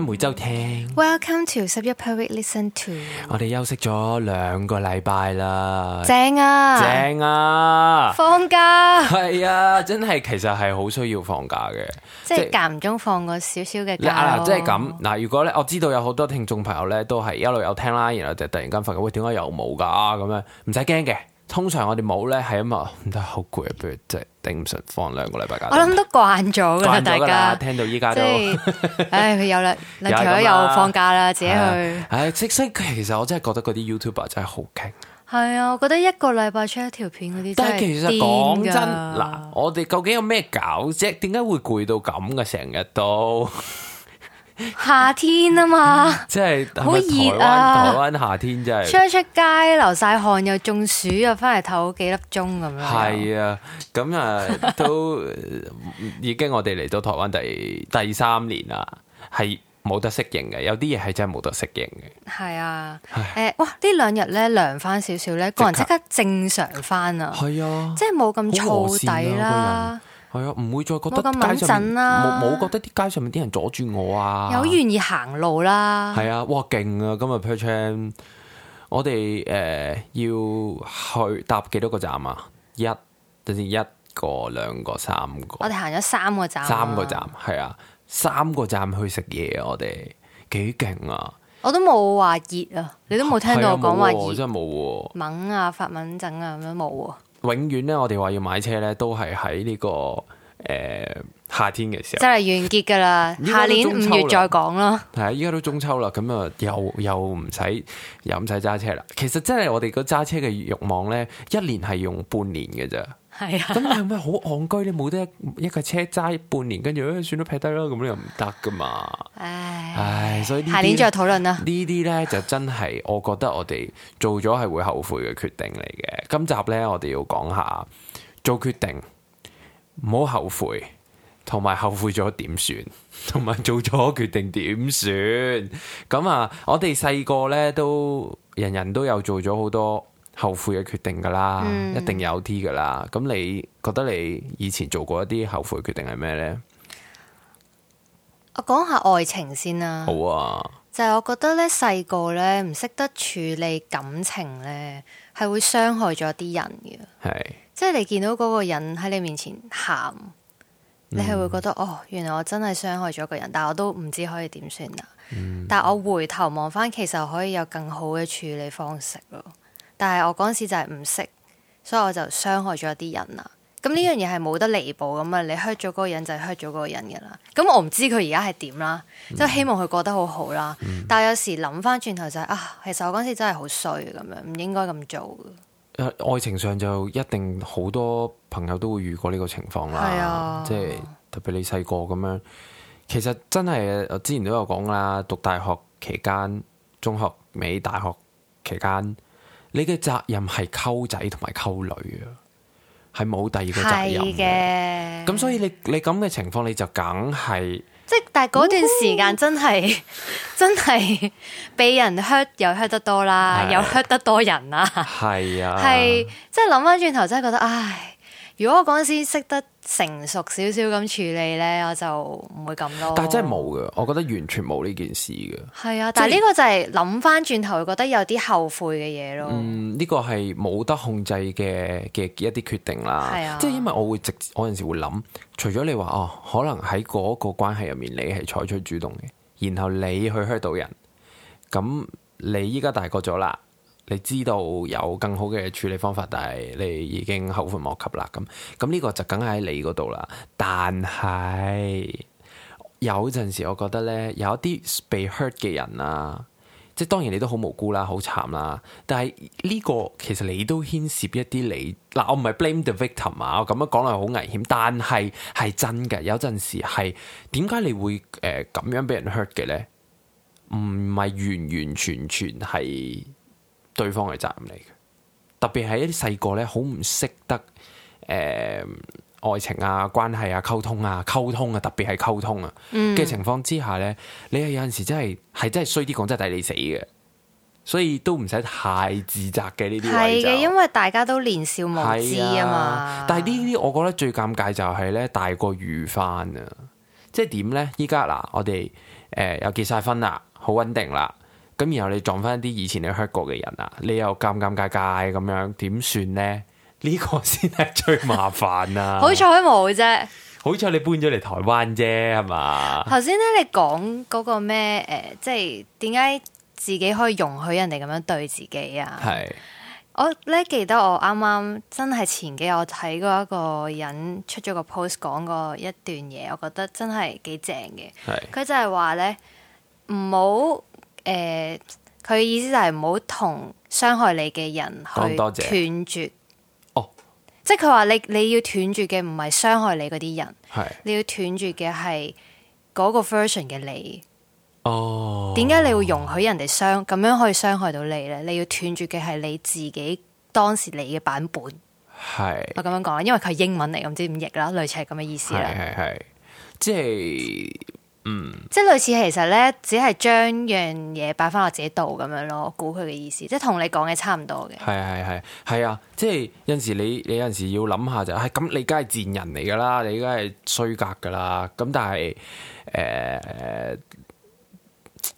每週聽。Welcome to 十一 period listen to。我哋休息咗兩個禮拜啦。正啊！正啊！放假係 啊，真係其實係好需要放假嘅即、啊，即係間唔中放個少少嘅假。嗱，即係咁嗱，如果咧我知道有好多聽眾朋友咧都係一路有聽啦，然後就突然間發覺，喂，點解又冇噶咁樣？唔使驚嘅。通常我哋冇咧，係因為，真係好攰啊，不如即係頂唔順，放兩個禮拜假。我諗都慣咗噶啦，大家聽到依家都，唉，佢有喇，條友又放假啦，自己去。唉，唉，即係其實我真係覺得嗰啲 YouTuber 真係好勁。係啊，我覺得一個禮拜出一條片嗰啲，但係其實講真，嗱，我哋究竟有咩搞啫？點解會攰到咁嘅啊？成日都。夏天啊嘛， 即係好熱啊！台灣夏天真係出一出街流晒汗，又中暑，又翻嚟唞幾粒鐘咁樣。係 啊，咁啊都、呃、已經我哋嚟到台灣第第三年啦，係冇得適應嘅，有啲嘢係真係冇得適應嘅。係啊，誒，哇！呢兩日咧涼翻少少咧，個人即刻正常翻啊。係啊，即係冇咁燥底啦。係啊，唔、哎、會再覺得咁上面冇冇覺得啲街上面啲人阻住我啊，有願意行路啦。係啊，哇勁啊！今日 perch，我哋誒、呃、要去搭幾多個站啊？一、等陣一個、兩個、三個。我哋行咗三個站，三個站係啊，三個站去食嘢，我哋幾勁啊！我，啊我都冇話熱啊，你都冇聽到我講話熱，真係冇喎，猛啊，發蚊症啊，咁樣冇。永遠咧，我哋話要買車咧，這個，都係喺呢個誒夏天嘅時候。即係完結噶啦，下年五月再講啦。係啊，依家都中秋啦，咁啊又又唔使又唔使揸車啦。其實真係我哋個揸車嘅欲望咧，一年係用半年嘅咋。係啊，咁你係咪好戇居？你冇得一一架車揸半年，跟住誒，算都劈低啦，咁你又唔得噶嘛？ 唉，所以下年再討論啦。呢啲咧就真係，我覺得我哋做咗係會後悔嘅決定嚟嘅。今集咧，我哋要講下做決定，唔好後悔，同埋後悔咗點算，同埋做咗決定點算。咁 啊、嗯，我哋細個咧都人人都有做咗好多。後悔嘅決定噶啦，嗯、一定有啲噶啦。咁你覺得你以前做過一啲後悔嘅決定係咩呢？我講下愛情先啦。好啊，就係我覺得咧，細個咧唔識得處理感情咧，係會傷害咗啲人嘅。係，即係你見到嗰個人喺你面前喊，你係會覺得、嗯、哦，原來我真係傷害咗一個人，但係我都唔知可以點算啊。嗯、但係我回頭望返，其實可以有更好嘅處理方式咯。但係我嗰時就係唔識，所以我就傷害咗啲人啦。咁呢樣嘢係冇得彌補咁啊！你 hurt 咗嗰個人就 hurt 咗嗰個人嘅啦。咁我唔知佢而家係點啦，即係、嗯、希望佢過得好好啦。嗯、但係有時諗翻轉頭就係、是、啊，其實我嗰時真係好衰咁樣，唔應該咁做、呃。愛情上就一定好多朋友都會遇過呢個情況啦，啊、即係特別你細個咁樣。其實真係我之前都有講啦，讀大學期間、中學尾、大學期間。你嘅責任係溝仔同埋溝女啊，係冇第二個責任嘅。咁是的 所以你你咁嘅情況，你就梗係即係。但係嗰段時間真係、uh huh. 真係畀人 hurt 又 hurt 得多啦，Yeah. 又 hurt 得多人啦。係啊 Yeah. 係即係諗翻轉頭，真係覺得唉，如果我嗰陣時識得。成熟少少咁處理呢，我就唔會咁咯。但係真係冇嘅，我覺得完全冇呢件事嘅。係啊，但係呢是個就係諗翻轉頭，覺得有啲後悔嘅嘢咯。嗯，呢個係冇得控制嘅嘅一啲決定啦。係啊，即係因為我會直，我有陣時會諗，除咗你話哦，可能喺嗰個關係入面，你係採取主動嘅，然後你去 hurt 到人，咁你依家大個咗啦。你知道有更好嘅處理方法，但係你已經後悔莫及啦。咁咁呢個就梗係喺你嗰度啦。但係有陣時，我覺得呢，有一啲被 hurt 嘅人啊，即係當然你都好無辜啦，好慘啦。但係呢個其實你都牽涉一啲你嗱，我唔係 blame the victim 啊。我咁樣講嚟好危險，但係係真嘅。有陣時係點解你會誒咁樣俾人 hurt 嘅呢？唔係完完全全係，對方嘅責任嚟嘅，特別係一啲細個咧，好唔識得誒愛情啊、關係啊、溝通啊、溝通啊，特別係溝通啊嘅、嗯、情況之下咧，你係有陣時真係係真係衰啲講真係抵你死嘅，所以都唔使太自責嘅呢啲位。係嘅，因為大家都年少無知啊嘛。但係呢啲我覺得最尷尬就係咧，大個遇翻啊，即係點咧？依家嗱，我哋誒、呃、有結晒婚啦，好穩定啦。咁、啊、然後你撞翻啲以前你 hurt 過嘅人啊，你又尷尷尬尬咁樣，點算呢？呢、呢個先係最麻煩啊！ 好彩冇啫，好彩你搬咗嚟台灣啫，係嘛？頭先咧，你講嗰個咩？誒、呃，即係點解自己可以容許人哋咁樣對自己啊？係是我咧記得我啱啱真係前幾日我睇過一個人出咗個 post 講過一段嘢，我覺得真係幾正嘅。佢是就係話咧唔好。誒，佢、呃、意思就係唔好同傷害你嘅人去斷絕。即係佢話你你要斷絕嘅唔係傷害你嗰啲人，係你要斷絕嘅係嗰個 version 嘅你。哦，點解你會容許人哋傷，咁樣可以傷害到你呢？你要斷絕嘅係你自己當時你嘅版本。係是我咁樣講，因為佢係英文嚟，唔知點譯啦，類似係咁嘅意思啦。係係即係。嗯，即係類似，其實咧只係將樣嘢擺翻落自己度咁樣咯。估佢嘅意思，即係同你講嘅差唔多嘅。係係係係啊！即係有陣時你你有陣時要諗下就係、是、咁、嗯，你梗係賤人嚟噶啦，你梗係衰格噶啦。咁但係誒、呃，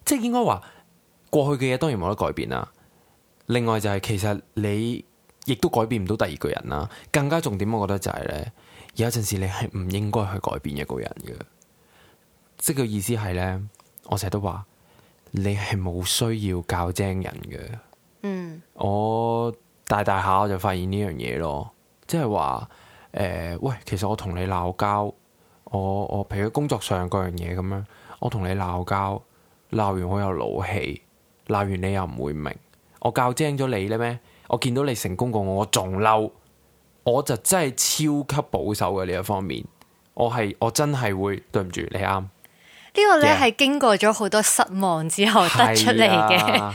即係應該話過去嘅嘢當然冇得改變啦。另外就係、是、其實你亦都改變唔到第二個人啦。更加重點，我覺得就係、是、咧，有陣時你係唔應該去改變一個人嘅。即個意思係咧，我成日都話你係冇需要教精人嘅。嗯，我大大下我就發現呢樣嘢咯，即係話誒，喂，其實我同你鬧交，我我譬如工作上各樣嘢咁樣，我同你鬧交，鬧完我有怒氣，鬧完你又唔會明，我教精咗你喇咩？我見到你成功過我，我仲嬲，我就真係超級保守嘅呢一方面，我係我真係會對唔住，你啱。個呢個咧，係經過咗好多失望之後得出嚟嘅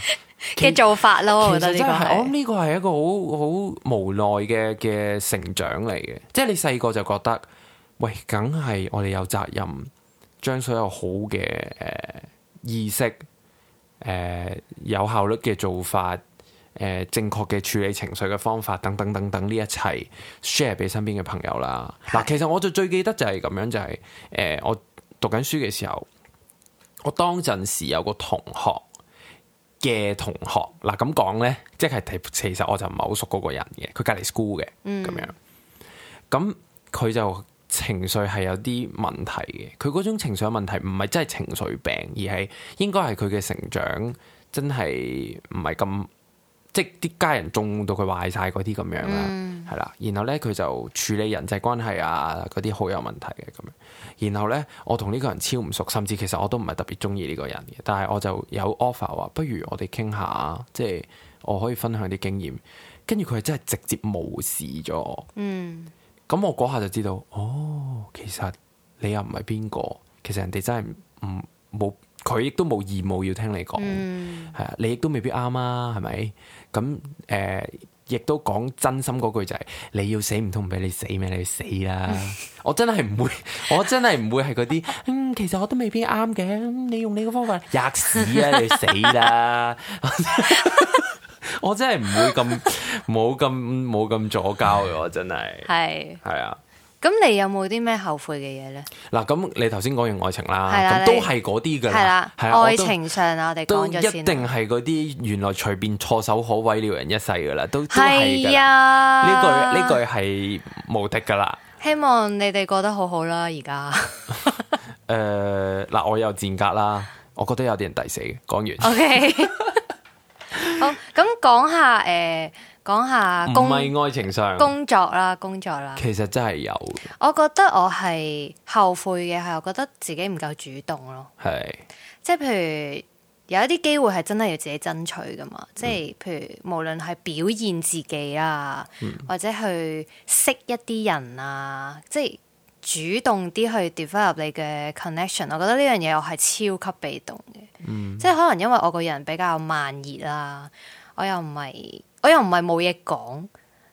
嘅做法咯，其我覺得呢個係，我諗呢個係一個好好無奈嘅嘅成長嚟嘅。即係你細個就覺得，喂，梗係我哋有責任將所有好嘅誒、呃、意識，誒、呃、有效率嘅做法，誒、呃、正確嘅處理情緒嘅方法，等等等等呢一切 share 俾身邊嘅朋友啦。嗱的，其實我就最記得就係咁樣，就係、是、誒、呃、我。讀緊書嘅時候，我當陣時有個同學嘅同學，嗱咁講呢，即係其實我就唔係好熟嗰個人嘅，佢隔籬 school 嘅，咁樣。咁佢就情緒係有啲問題嘅，佢嗰種情緒問題唔係真係情緒病，而係應該係佢嘅成長真係唔係咁，即係啲家人縱到佢壞晒嗰啲咁樣啦，係啦、嗯。然後呢，佢就處理人際關係啊嗰啲好有問題嘅咁樣。然後呢，我同呢個人超唔熟，甚至其實我都唔係特別中意呢個人嘅。但係我就有 offer 話，不如我哋傾下，即係我可以分享啲經驗。跟住佢係真係直接無視咗我。嗯，咁我嗰下就知道，哦，其實你又唔係邊個？其實人哋真係唔冇，佢亦都冇義務要聽你講，係、嗯、啊，你亦都未必啱啊，係咪？咁、呃、誒。亦都講真心嗰句就係、是，你要死唔通唔俾你死咩？你死啦！ 我真係唔會，我真係唔會係嗰啲，嗯，其實我都未必啱嘅。你用你嘅方法，吔屎啊！你死啦！ 我真係唔會咁，冇咁，冇咁左膠嘅，我真係係係啊！咁你有冇啲咩後悔嘅嘢咧？嗱，咁你頭先講完愛情啦，咁、啊、都係嗰啲噶啦，係、啊啊、愛情上啊，我哋講咗一定係嗰啲原來隨便錯手可毀了人一世噶啦，都係噶，呢句呢句係無敵噶啦。這個這個、啦，希望你哋過得好好啦，而家。誒，嗱，我有賤格啦，我覺得有啲人抵死，講完。O K。好，咁講下誒。講下唔係愛情上，工作啦，工作啦。其實真係有的。我覺得我係後悔嘅，係我覺得自己唔夠主動咯。係，即係譬如有一啲機會係真係要自己爭取噶嘛。即係譬如、嗯、無論係表現自己啊，嗯、或者去識一啲人啊，即係主動啲去 develop 你嘅 connection。我覺得呢樣嘢我係超級被動嘅。嗯、即係可能因為我個人比較慢熱啦，我又唔係。我又唔係冇嘢講，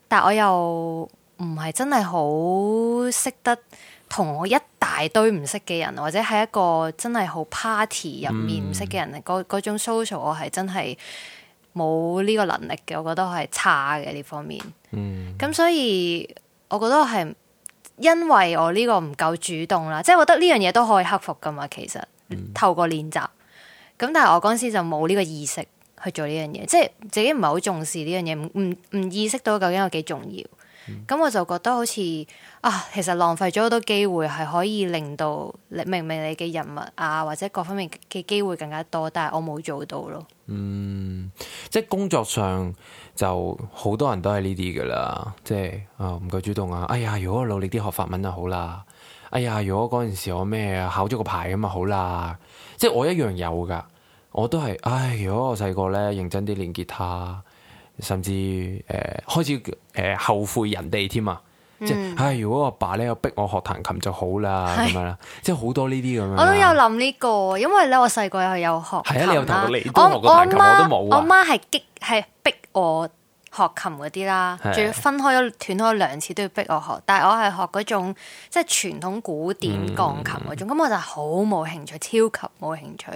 但我又唔係真係好識得同我一大堆唔識嘅人，或者係一個真係好 party 入面唔識嘅人，嗰嗰、嗯、種 social 我係真係冇呢個能力嘅，我覺得我係差嘅呢方面。嗯，咁所以我覺得我係因為我呢個唔夠主動啦，即係我覺得呢樣嘢都可以克服噶嘛，其實透過練習。咁但係我嗰時就冇呢個意識。去做呢樣嘢，即係自己唔係好重視呢樣嘢，唔唔意識到究竟有幾重要。咁、嗯、我就覺得好似啊，其實浪費咗好多機會，係可以令到你明明你嘅人物啊或者各方面嘅機會更加多，但係我冇做到咯。嗯，即係工作上就好多人都係呢啲噶啦，即係啊唔夠主動啊，哎呀如果我努力啲學法文就好啦，哎呀如果嗰陣時我咩考咗個牌咁咪好啦，即係我一樣有噶。我都係，唉！如果我細個咧認真啲練結他，甚至誒、呃、開始誒、呃、後悔人哋添啊，嗯、即係唉、如果我阿爸咧有逼我學彈琴就好啦咁、嗯、樣啦，即係好多呢啲咁樣。我都有諗呢、這個，因為咧我細個又係有學、啊。係啊，你有彈過你個學過彈琴？我，我，我都冇、啊、我阿媽係激，係逼我。學琴嗰啲啦，仲要分開咗斷開兩次都要逼我學，但係我係學嗰種，即係傳統古典鋼琴嗰種，咁、嗯、我就好冇興趣，超級冇興趣。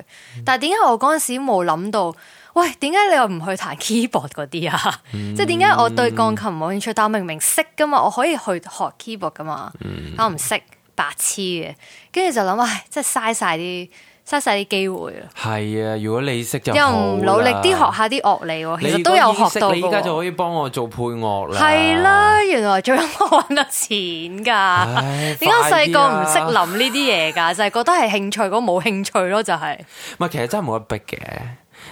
但係點解我嗰陣時冇諗到？喂，點解你又唔去彈 keyboard 嗰啲啊？即係點解我對鋼琴冇興趣，但我明明識噶嘛，我可以去學 keyboard 噶嘛，但我唔識，白痴嘅，跟住就諗唉，即係嘥晒啲，失晒啲機會啊！係啊，如果你識就又唔努力啲學下啲樂理，其實都有學到。你依家就可以幫我做配樂啦。係啦、啊，原來最終唉 我揾到錢噶。點解細個唔識諗呢啲嘢噶？就係覺得係興趣，覺冇興趣咯、就是，就係。唔係，其實真係冇得逼嘅。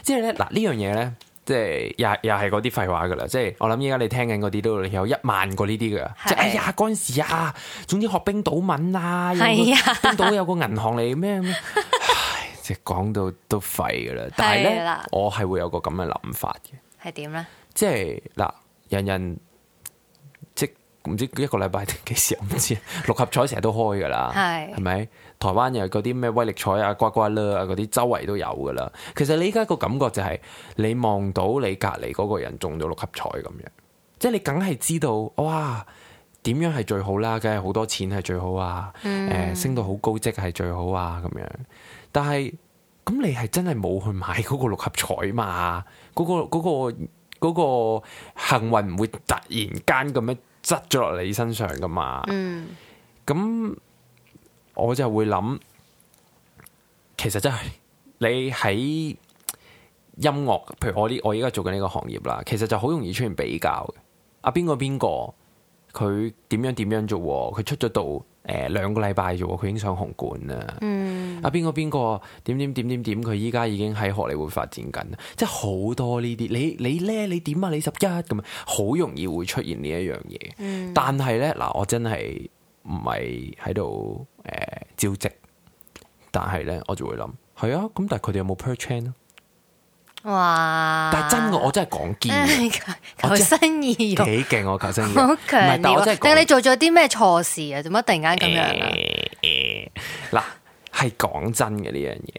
即係咧，嗱呢樣嘢咧。即係又又係嗰啲廢話噶啦！即係我諗依家你聽緊嗰啲都有一萬個呢啲噶，是即係哎呀嗰陣時啊，總之學冰島文啊，冰島有個銀行嚟咩？ 即係講到都廢噶啦！但係咧，的我係會有個咁嘅諗法嘅，係點咧？即係嗱，人人即唔知一個禮拜定幾時，我唔知六合彩成日都開噶啦，係係咪？是台灣又係嗰啲咩威力彩啊、刮刮樂啊嗰啲，周圍都有噶啦。其實你依家個感覺就係、是、你望到你隔離嗰個人中咗六合彩咁樣，即係你梗係知道哇，點樣係最好啦？梗係好多錢係最好啊！誒、嗯呃，升到好高職係最好啊咁樣。但係咁你係真係冇去買嗰個六合彩嘛？嗰、那個嗰、那個那個那個幸運唔會突然間咁樣執咗落你身上噶嘛？嗯，咁、嗯。我就會諗，其實真係你喺音樂，譬如我呢，我依家做緊呢個行業啦。其實就好容易出現比較嘅，阿邊個邊個佢點樣點樣做？佢出咗道誒兩個禮拜啫，佢已經上紅館啦。嗯，阿邊個邊個點點點點點，佢依家已經喺學理會發展緊，即係好多呢啲。你你咧，你點啊？你十一咁，好容易會出現一、嗯、呢一樣嘢。但係咧嗱，我真係。唔係喺度誒招積，但係咧我就會諗，係啊，咁但係佢哋有冇 perchance 咯？哇！但係真嘅，我真係講堅， 求生欲幾勁，我求生意好強。係、啊，但係我真係，你做咗啲咩錯事啊？做乜突然間咁樣？嗱、呃、係、呃、講、呃、真嘅呢樣嘢，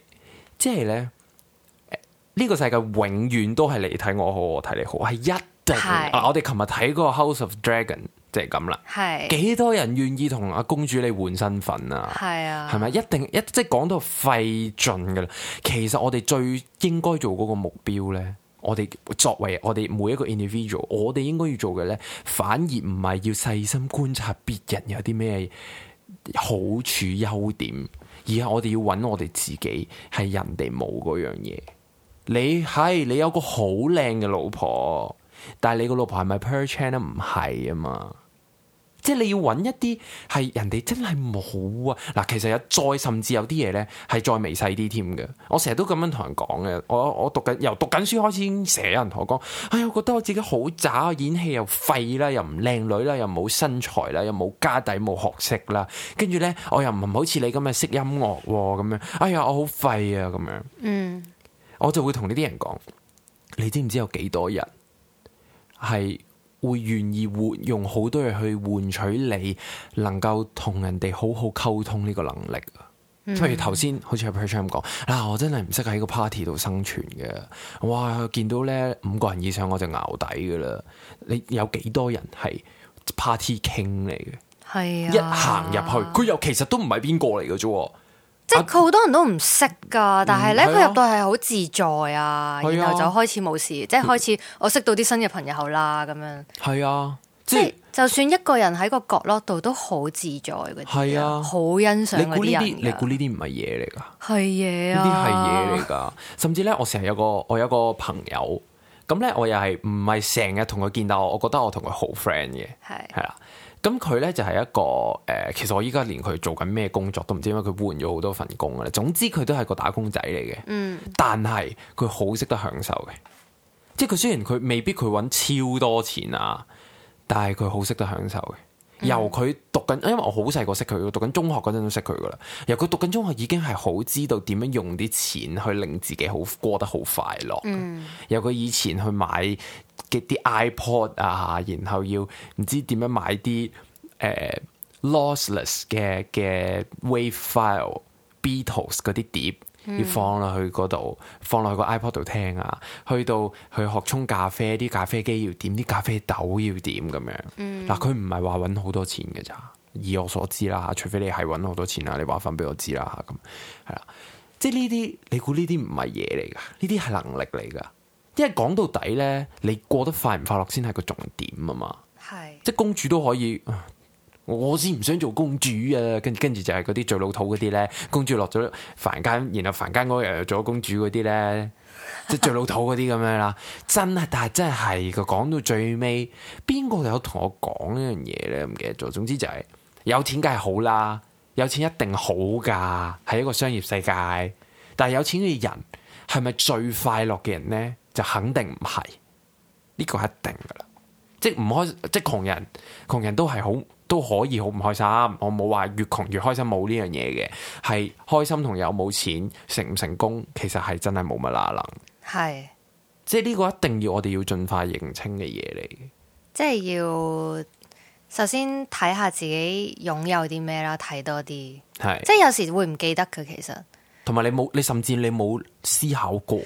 即係咧呢個世界永遠都係你睇我好，我睇你好，係一定。是啊！我哋琴日睇嗰個 House of Dragon。即係咁啦，幾是多人願意同阿公主你換身份啊？係啊，係咪一定一即係講到費盡㗎喇？其實我哋最應該做嗰個目標咧，我哋作為我哋每一個 individual，我哋應該要做嘅咧，反而唔係要細心觀察別人有啲咩好處優點，而係我哋要揾我哋自己係人哋冇嗰樣嘢。你係你有個好靚嘅老婆。但係你個老婆係咪 per chain 咧？唔係啊嘛，即係你要揾一啲係人哋真係冇啊嗱，其實有再甚至有啲嘢咧係再微細啲添嘅。我成日都咁樣同人講嘅，我我讀緊由讀緊書開始，已經成日有人同我講，哎呀，我覺得我自己好渣，演戲又廢啦，又唔靚女啦，又冇身材啦，又冇家底，冇學識啦，跟住咧我又唔好似你咁嘅識音樂咁樣，哎呀，我好廢啊咁樣。嗯，我就會同呢啲人講，你知唔知有幾多人？係會願意用好多嘢，去換取你能夠同人哋好好溝通呢個能力。例、mm hmm. 如頭先好似阿 Patrick 咁講，嗱、啊、我真係唔識喺個 party 度生存嘅。哇，見到咧五個人以上我就淆底噶啦你有幾多人係 party king 嚟嘅？係啊，一行入去佢又其實都唔係邊個嚟嘅啫。即係佢好多人都唔識噶，但係咧佢入到係好自在啊，然後就開始冇事，即係開始我識到啲新嘅朋友啦咁樣。係啊，即係就算一個人喺個角落度都好自在嘅，係啊，好欣賞嗰啲人。你估呢啲唔係嘢嚟噶？係嘢啊，呢啲係嘢嚟噶。甚至咧，我成日有個我有個朋友，咁咧我又係唔係成日同佢見到我，我我覺得我同佢好 friend 嘅，係係啦。咁佢咧就係、是、一個誒、呃，其實我依家連佢做緊咩工作都唔知，因為佢換咗好多份工嘅咧。總之佢都係個打工仔嚟嘅。嗯，但係佢好識得享受嘅，即係佢雖然佢未必佢揾超多錢啊，但係佢好識得享受嘅。由佢讀緊，因為我好細個識佢，讀緊中學嗰陣都識佢噶啦。由佢讀緊中學已經係好知道點樣用啲錢去令自己好過得好快樂。嗯、由佢以前去買嘅啲 iPod 啊，然後要唔知點樣買啲誒、呃、lossless 嘅嘅 wav file Beatles 嗰啲碟。要放落去嗰度，放落去個 iPod 度聽啊！去到去學沖咖啡，啲咖啡機要點，啲咖啡豆要點咁樣。嗱、嗯，佢唔係話搵好多錢嘅咋？以我所知啦，除非你係搵好多錢啦，你話翻俾我知啦咁。係啦，即係呢啲，你估呢啲唔係嘢嚟噶？呢啲係能力嚟噶。因為講到底咧，你過得快唔快樂先係個重點啊嘛。係是，即係公主都可以。我先唔想做公主啊！跟住跟住就係嗰啲最老土嗰啲咧，公主落咗凡間，然後凡間嗰日又又做公主嗰啲咧，即係最老土嗰啲咁樣啦。 真係，但係真係佢講到最尾，邊個有同我講呢樣嘢咧？唔記得咗。總之就係、是、有錢梗係好啦，有錢一定好噶。係一個商業世界，但係有錢嘅人係咪最快樂嘅人咧？就肯定唔係。呢個一定噶啦。即係唔開，即係窮人，窮人都係好。都可以好唔開心，我冇話越窮越開心，冇呢樣嘢嘅，係開心同有冇錢，成唔成功，其實係真係冇乜啦能。係是，即係呢個一定要我哋要盡快認清嘅嘢嚟。即係要首先睇下自己擁有啲咩啦，睇多啲。係是，即係有時會唔記得佢，其實。同埋你冇，你甚至你冇思考過，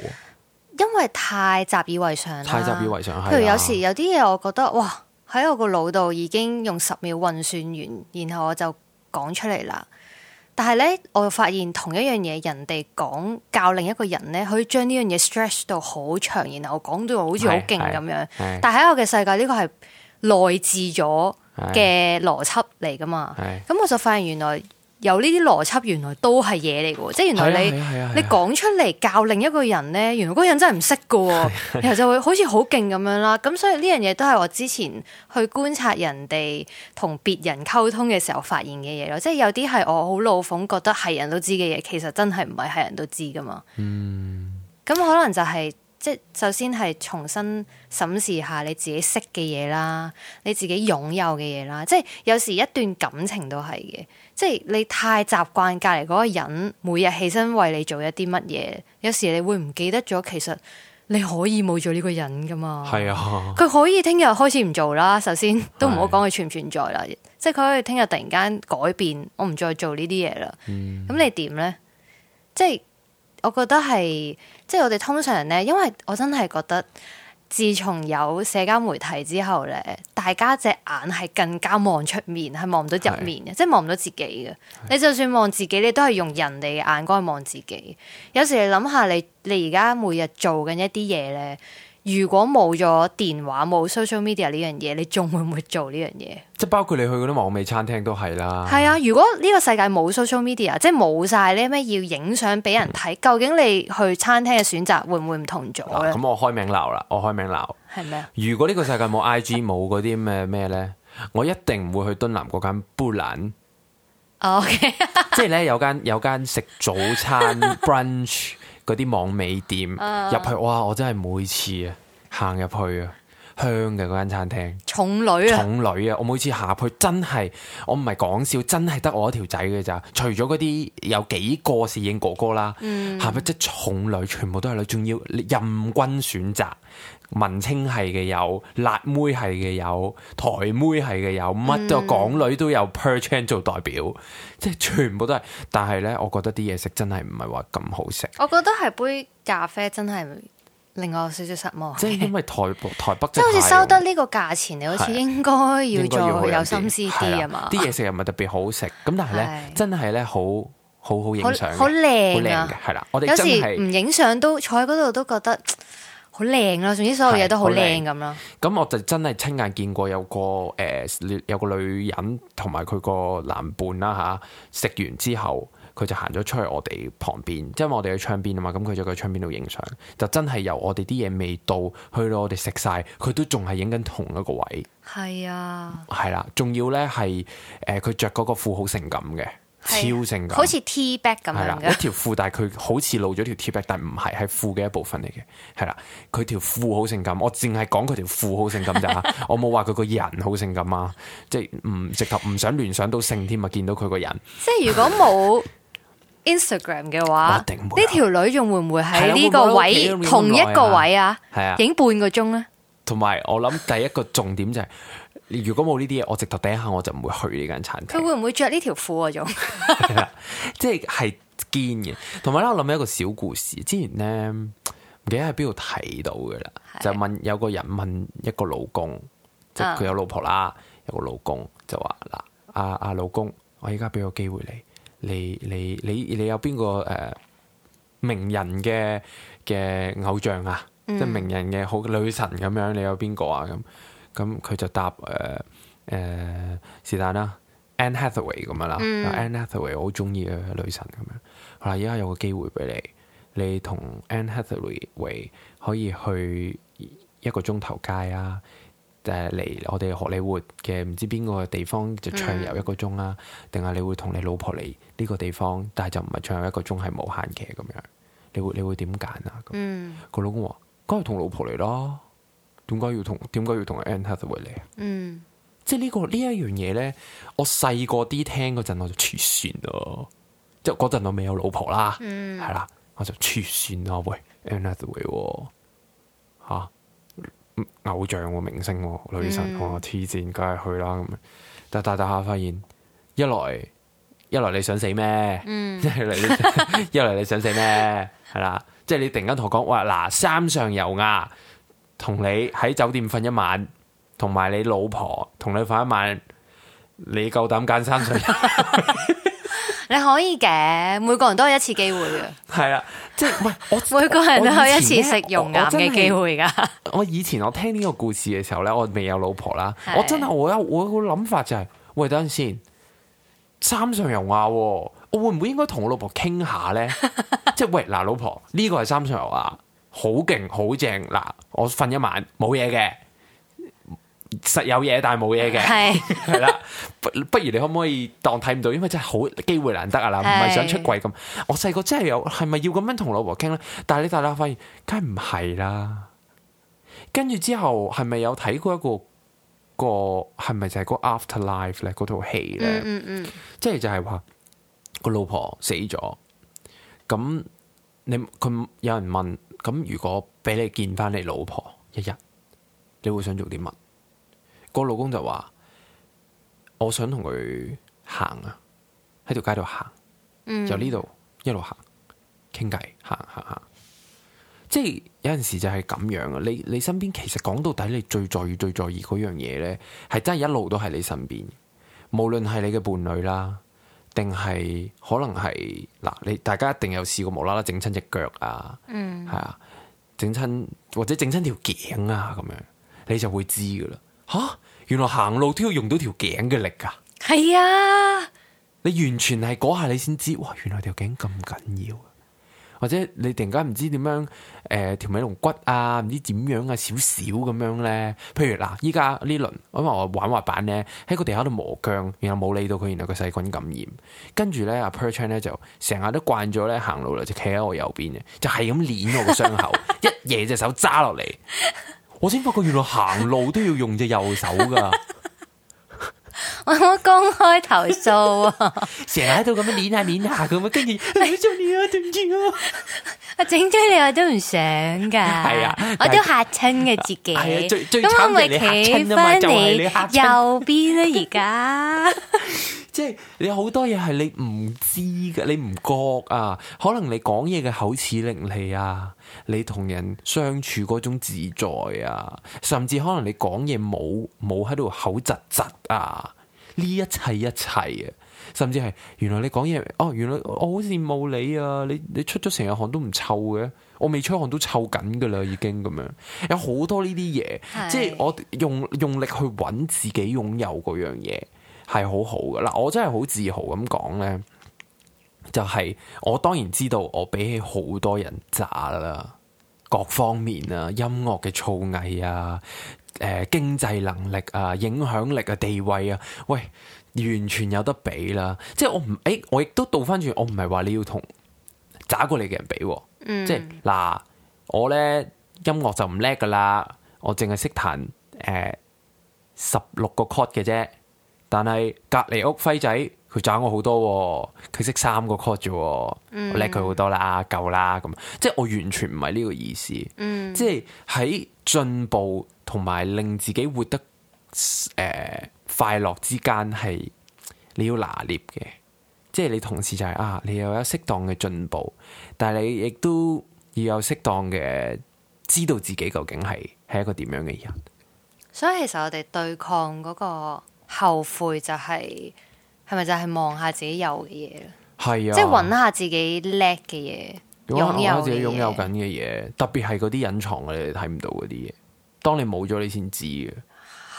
因為太習以為常，太習以為常係，譬如有時有啲嘢，我覺得哇。喺我個腦度已經用十秒運算完，然後我就講出嚟啦。但係咧，我就發現同一樣嘢，人哋講教另一個人咧，佢將呢樣嘢 stretch 到好長，然後講到好似好勁咁樣。但係喺我嘅世界，呢個係內置咗嘅邏輯嚟噶嘛。咁我就發現原來。有呢啲邏輯原來都係嘢嚟嘅，即係原來你、啊啊啊、你講出嚟教另一個人咧，原來嗰個人真係唔識嘅，啊啊、然後就會好似好勁咁樣啦。咁、啊、所以呢樣嘢都係我之前去觀察人哋同別人溝通嘅時候發現嘅嘢咯。即係有啲係我好老奉覺得係人都知嘅嘢，其實真係唔係係人都知嘅嘛。嗯，咁可能就係、是。即首先係重新審視下你自己識嘅嘢啦，你自己擁有嘅嘢啦。即係有時一段感情都係嘅，即係你太習慣隔籬嗰個人每日起身為你做一啲乜嘢，有時你會唔記得咗，其實你可以冇咗呢個人噶嘛。係是啊，佢可以聽日開始唔做啦。首先都唔好講佢存唔存在啦，是啊、即係佢可以聽日突然間改變，我唔再做呢啲嘢啦。嗯，咁你點呢？即係。我覺得係，即係我哋通常咧，因為我真係覺得，自從有社交媒體之後咧，大家隻眼係更加望出面，係望唔到入面嘅，是 即係望唔到自己嘅。是 你就算望自己，你都係用人哋嘅眼光去望自己。有時你諗下你，你而家每日做緊一啲嘢咧。如果冇咗電話冇 social media 呢樣嘢，你仲會唔會做呢樣嘢？即係包括你去嗰啲網美餐廳都係啦。係啊 如果呢個世界冇 social media，即係冇晒呢咩要影相俾人睇，嗯、究竟你去餐廳嘅選擇會唔會唔同咗？咁我開名鬧啦，我開名鬧。係咩？嗎如果呢個世界冇 IG 冇嗰啲咩咩咧， 我一定唔會去敦南嗰間 Bullen Okay. OK，即係咧有間有間食早餐 brunch。 嗰啲網美店入、uh, 去，哇！我真係每次啊，行入去啊，香嘅嗰間餐廳，重女啊，重女啊！我每次行入去真係，我唔係講笑，真係得我一條仔嘅咋，除咗嗰啲有幾個侍應哥哥啦，um, 下鋪即係重女，全部都係女，仲要任君選擇。文青係嘅有，辣妹係嘅有，台妹係嘅有，乜都港女都有 percent 做代表，即係全部都係。但係咧，我覺得啲嘢食真係唔係話咁好食。我覺得係杯咖啡真係令我有少少失望。即係因為台台北即係好似收得呢個價錢，你好似應該要再有心思啲啊嘛。啲嘢食又唔係特別好食，咁的但係咧， 真係咧的，好好好影相，好靚嘅，係啦。我哋有時唔影相都坐喺嗰度都覺得。好靚咯，總之所有嘢都好靚咁咯。咁我就真係親眼見過有個誒、呃，有個女人同埋佢個男伴啦吓，食完之後佢就行咗出去我哋旁邊，即係我哋喺窗邊啊嘛，咁佢就喺窗邊度影相，就真係由我哋啲嘢未到去到我哋食晒，佢都仲係影緊同一個位。係啊，係啦，仲要咧係誒，佢着嗰個褲好性感嘅。超性感，好似 T back 咁樣嘅，一條褲，但係佢好似露咗條 T back，但係唔係，係褲嘅一部分嚟嘅。係啦。佢條褲好性感，我淨係講佢條褲好性感咋，我冇話佢個人好性感啊，即係唔直頭唔想聯想到性添啊，見到佢個人。即係如果冇 Instagram 嘅話，呢條女仲會唔會喺呢個位同一個位啊？係啊，影半個鐘啊？同埋我諗第一個重點就係。如果冇呢啲嘢，我直頭第一下我就唔會去呢間餐廳。佢會唔會着呢條褲啊？仲即係係堅嘅。同埋咧，我諗一個小故事。之前咧，唔記得喺邊度睇到噶啦，的就問有個人問一個老公，即係佢有老婆啦，有個老公就話：嗱，阿、啊、阿、啊、老公，我而家俾個機會你，你你你你有邊個誒、呃、名人嘅嘅偶像啊？嗯、即係名人嘅好女神咁樣，你有邊個啊？咁。咁佢就答誒誒是但啦，Anne Hathaway 咁樣啦、嗯，Anne Hathaway 我好中意嘅女神咁樣。好啦、嗯，依家有個機會俾你，你同 Anne Hathaway 可以去一個鐘頭街啊，誒、呃、嚟我哋荷里活嘅唔知邊個地方就暢遊一個鐘啦、啊，定係、嗯、你會同你老婆嚟呢個地方，但係就唔係暢遊一個鐘，係無限嘅咁樣。你會你會點揀啊？嗯，個老公話：梗係同老婆嚟咯。點解要同點解要同 Anne Hathaway 嚟啊？嗯，即係呢個呢一樣嘢咧，我細個啲聽嗰陣我就黐線咯，即係嗰陣我未有老婆啦，係啦，我就黐線咯，喂，Anne Hathaway 吓，偶像嘅明星女神，我黐線梗係去啦咁，但係大大下發現一來一來你想死咩？嗯，一來你想死咩？係啦，即係你突然間同我講，哇嗱，三上悠亞。同你喺酒店瞓一晚，同埋你老婆同你瞓一晚，你夠膽揀三上悠亞？ 你可以嘅，每個人都有一次機會嘅。係啊， 即係唔係？我每個人都有一次食悠亞嘅機會噶。我以前我聽呢個故事嘅時候咧，我未有老婆啦， 我真係我有我個諗法就係、是，喂，等陣先，三上悠亞、啊，我會唔會應該同我老婆傾下咧？即係 喂，嗱，老婆呢、這個係三上悠亞。好勁，好正嗱！我瞓一晚冇嘢嘅，實有嘢但係冇嘢嘅係係啦。不如你可唔可以當睇唔到？因為真係好機會難得啊 啦，唔係想出櫃咁。我細個真係有係咪要咁樣同老婆傾咧？但係你大家，發現梗係唔係啦。跟住之後係咪有睇過一個一個係咪就係嗰 After Life 咧？嗰套戲咧，即係、嗯嗯、就係話個老婆死咗，咁你佢有人問。咁如果俾你見翻你老婆一日，你會想做啲乜？個老公就話：我想同佢行啊，喺條街度行，由呢度一路行，傾偈，行行行。即係有陣時就係咁樣啊！你你身邊其實講到底，你最在意、最在意嗰樣嘢呢，係真係一路都喺你身邊，無論係你嘅伴侶啦。定係可能係，嗱，你大家一定有試過無啦啦整親隻腳啊，係、嗯、啊，整親或者整親條頸啊咁樣，你就會知噶啦。吓、啊，原來行路都要用到條頸嘅力噶。係啊，係啊，你完全係嗰下你先知，哇！原來條頸咁緊要。或者你突然間唔知點樣誒條尾龍骨啊，唔知點樣啊少少咁樣咧，譬如嗱，依家呢輪因為我玩滑板咧，喺個地下度磨姜，然後冇理到佢，然後個細菌感染，跟住咧阿 Perch 咧就成日都慣咗咧行路啦，就企喺我右邊嘅，就係咁舐我個傷口， 一嘢隻手揸落嚟，我先發覺原來行路都要用隻右手噶。 我冇 公開投訴啊 都捏著捏著著！成日喺度咁樣捻下捻下，咁樣跟住整啲啊斷斷啊！我整咗你我都唔想噶，係啊，我都嚇親嘅自己。係咁、哎、最慘嘅係你嚇親，但我咪企翻你右邊啊，而家。 即係你好多嘢係你唔知㗎，你唔覺啊。可能你講嘢嘅口齒伶俐啊，你同人相處嗰種自在啊，甚至可能你講嘢冇冇喺度口窒窒啊。呢一切一切啊，甚至係原來你講嘢，哦，原來我好羨慕你啊。你你出咗成日汗都唔臭嘅，我未出汗都臭緊㗎啦，已經咁樣。有好多呢啲嘢，是即係我用用力去揾自己擁有嗰樣嘢。係好好噶嗱，我真係好自豪咁講咧，就係、是、我當然知道我比起好多人渣啦，各方面啊，音樂嘅造詣啊，誒、呃，經濟能力啊，影響力啊，地位啊，喂，完全有得比啦。即係我唔誒、欸，我亦都倒翻轉，我唔係話你要同渣過你嘅人比，嗯、即係嗱，我咧音樂就唔叻噶啦，我淨係識彈誒十六個 chord 嘅啫。但係隔籬屋輝仔，佢賺我好多、哦，佢識三個 code 啫，嗯、我叻佢好多啦，夠啦咁。即係我完全唔係呢個意思，嗯、即係喺進步同埋令自己活得誒、呃、快樂之間，係你要拿捏嘅。即係你同時就係、是、啊，你又有適當嘅進步，但係你亦都要有適當嘅知道自己究竟係係一個點樣嘅人。所以其實我哋對抗嗰、那個。後悔就係係咪就係望下自己有嘅嘢係啊，即係揾下自己叻嘅嘢，擁有自己擁有緊嘅嘢，特別係嗰啲隱藏嘅你睇唔到嗰啲嘢，當你冇咗你先知嘅，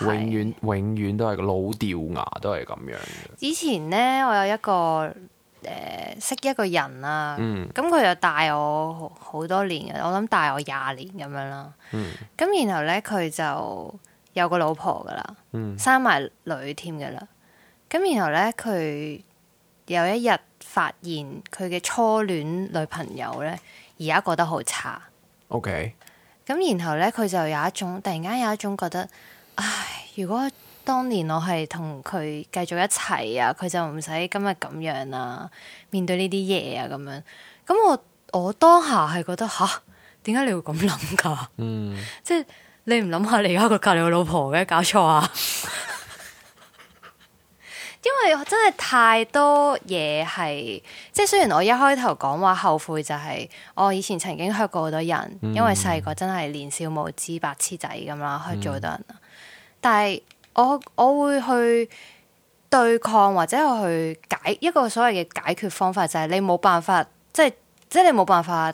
永遠、啊、永遠都係個老掉牙都，都係咁樣嘅。以前咧，我有一個誒、呃、識一個人啦、啊，咁佢又帶我好多年嘅，我諗帶我廿年咁樣啦，咁、嗯、然後咧佢就，有個老婆噶啦，嗯、生埋女添噶啦。咁然後咧，佢有一日發現佢嘅初戀女朋友咧，而家過得好差。OK。咁然後咧，佢就有一種突然間有一種覺得，唉，如果當年我係同佢繼續一齊啊，佢就唔使今日咁樣啦，面對呢啲嘢啊，咁樣。咁我我當下係覺得，吓，點解你會咁諗噶？嗯，即係。你唔諗下你而家個隔籬個老婆咩？搞錯啊！ 因為真係太多嘢係，即係雖然我一開頭講話後悔，就是，就係我以前曾經 hurt 過好多人，嗯、因為細個真係年少無知、白痴仔咁啦，hurt 咗好多人。嗯、但係我我會去對抗或者我去解一個所謂嘅解決方法，就係你冇辦法，即係即係你冇辦法。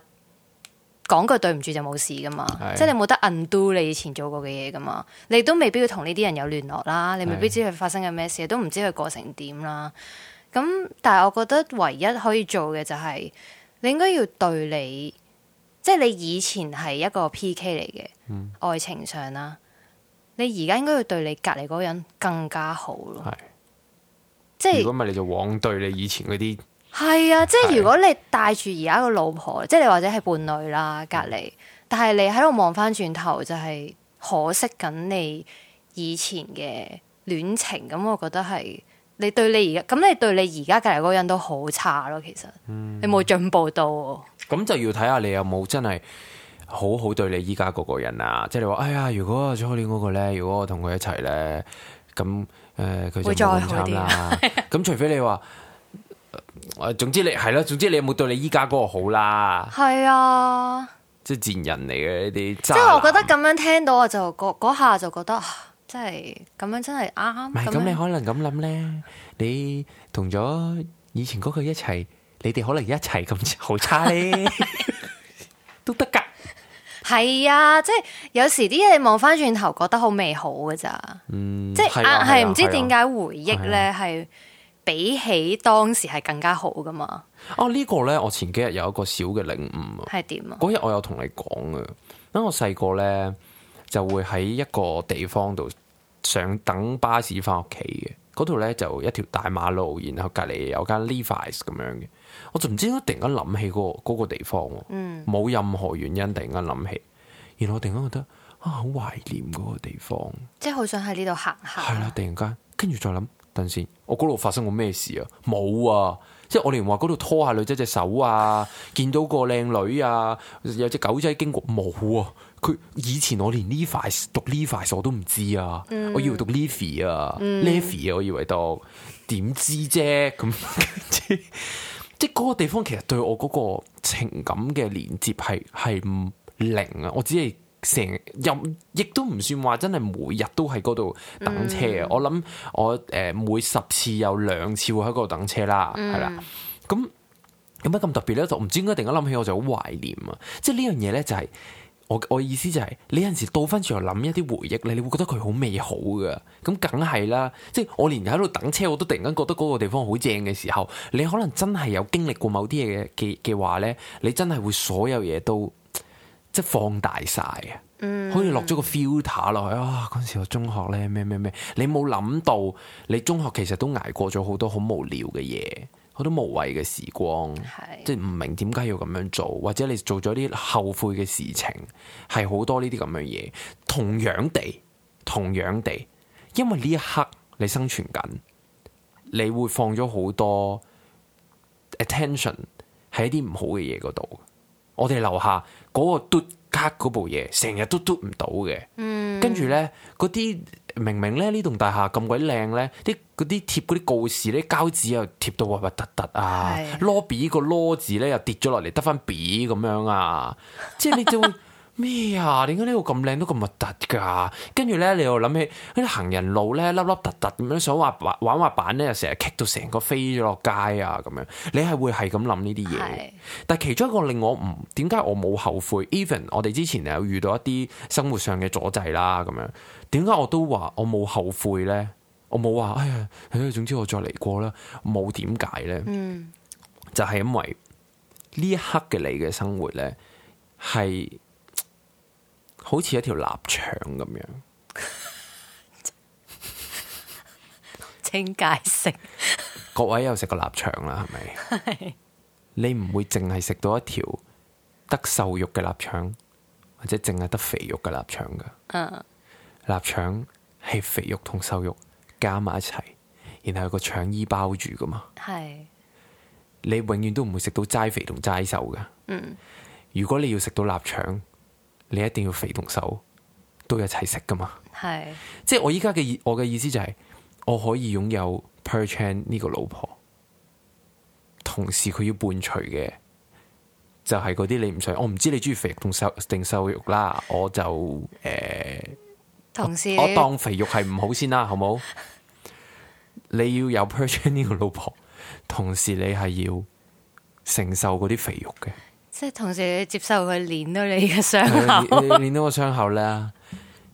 講句對唔住就冇事噶嘛，是的 即係你冇得 undo 你以前做過嘅嘢噶嘛，你都未必要同呢啲人有聯絡啦，你未必知佢發生緊咩事，是的 都唔知佢過成點啦。咁但係我覺得唯一可以做嘅就係、是，你應該要對你，即係你以前係一個 PK 嚟嘅，嗯、愛情上啦，你而家應該要對你隔籬嗰個人更加好咯。即係如果唔係你就往對你以前嗰啲。係啊，即係如果你帶住而家個老婆，是啊、即係你或者係伴侶啦，隔籬，嗯、但係你喺度望翻轉頭就係可惜緊你以前嘅戀情，咁我覺得係你對你而咁你對你而家隔籬嗰人都好差咯，其實，你冇進步到，咁就要睇下你有冇真係好好對你依家嗰個人啊，即係你話哎呀，如果初戀嗰個咧，如果我同佢一齊咧，咁誒佢就會再好啲啊？咁除非你話。 總之你係咯、嗯，總之你有冇對你依家嗰個好啦？係啊，即係賤人嚟嘅呢啲。即係我覺得咁樣聽到，我就嗰下就覺得，真係咁樣真係啱。唔係咁，你可能咁諗咧，你同咗以前嗰個一齊，你哋可能一齊咁好差咧， 都得噶。係啊，即係有時啲嘢你望翻轉頭覺得好美好噶咋。嗯、即係係唔知點解回憶咧係。 比起當時係更加好噶嘛？哦、啊，呢、呢個呢，我前幾日有一個小嘅領悟啊，係點啊？嗰日我有同你講嘅，等我細個呢，就會喺一個地方度想等巴士翻屋企嘅，嗰度呢，就一條大馬路，然後隔籬有間 Levi’s 咁樣嘅，我就唔知點解突然間諗起嗰、嗰、嗰、個嗰個地方、啊，嗯，冇任何原因突然間諗起，然後我突然間覺得啊，好懷念嗰個地方，即係好想喺呢度行下，係啦、啊，突然間，跟住再諗。等先，我嗰度發生過咩事啊？冇啊！即係我連話嗰度拖下女仔隻手啊，見到個靚女啊，有隻狗仔經過冇啊！佢以前我連 Levi's 讀 Levi's 我都唔知啊，我以為讀 Levy 啊，Levy 啊，嗯、我以為讀，點、嗯、知啫？咁即係，嗰個地方其實對我嗰個情感嘅連接係係零啊，我只係。成日又亦都唔算話真係每日都喺嗰度等車啊！嗯、我諗我誒、呃、每十次有兩次會喺嗰度等車啦，係啦、嗯。咁有乜咁特別咧？就唔知點解突然間諗起我、就是我，我就好懷念啊！即係呢樣嘢咧，就係我我意思就係、是、你有陣時倒翻轉頭諗一啲回憶，你你會覺得佢好美好噶。咁梗係啦，即係我連喺度等車，我都突然間覺得嗰個地方好正嘅時候，你可能真係有經歷過某啲嘢嘅嘅話咧，你真係會所有嘢都。即係放大晒，嗯、啊！好似落咗個 filter 落去啊！嗰陣時我中學咧，咩咩咩，你冇諗到你中學其實都挨過咗好多好無聊嘅嘢，好多無謂嘅時光，是即係唔明點解要咁樣做，或者你做咗啲後悔嘅事情，係好多呢啲咁嘅嘢。同樣地，同樣地，因為呢一刻你生存緊，你會放咗好多 attention 喺一啲唔好嘅嘢嗰度。我哋樓下。嗰個嘟卡嗰部嘢，成日都嘟唔到嘅。跟住咧，嗰啲明明咧呢棟大廈咁鬼靚咧，啲啲貼嗰啲告示咧，膠紙又貼到核核突突啊！lobby 個羅字咧又跌咗落嚟，得翻 b 咁樣啊！即係你就 咩啊？點解呢個咁靚都咁核突噶？跟住咧，你又諗起啲行人路咧，凹凹凸凸咁樣，想滑滑玩滑板咧，又成日踢到成個飛咗落街啊，咁樣你係會係咁諗呢啲嘢？但係其中一個令我唔點解我冇後悔，even 我哋之前有遇到一啲生活上嘅阻滯啦，咁樣點解我都話我冇後悔咧？我冇話哎，哎呀，總之我再嚟過啦，冇點解咧？嗯，就係因為呢一刻嘅你嘅生活咧係。好似一條臘腸咁樣， 請解釋。各位有食過臘腸啦，係咪？ 你唔會淨係食到一條得瘦肉嘅臘腸，或者淨係得肥肉嘅臘腸噶。嗯，臘腸係肥肉同瘦肉加埋一齊，然後有個腸衣包住噶嘛。係， 你永遠都唔會食到齋肥同齋瘦噶。嗯，如果你要食到臘腸。腸你一定要肥同瘦都一齊食噶嘛？係是，即係我依家嘅意，我嘅意思就係、是，我可以擁有 Perchian 呢個老婆，同時佢要伴隨嘅，就係嗰啲你唔想，我唔知你中意肥肉定瘦定瘦肉啦。我就誒，呃、同事我，我當肥肉係唔好先啦，好冇？ 你要有 Perchian 呢個老婆，同時你係要承受嗰啲肥肉嘅。即係同時，接受佢練到你嘅傷口，練到個傷口咧，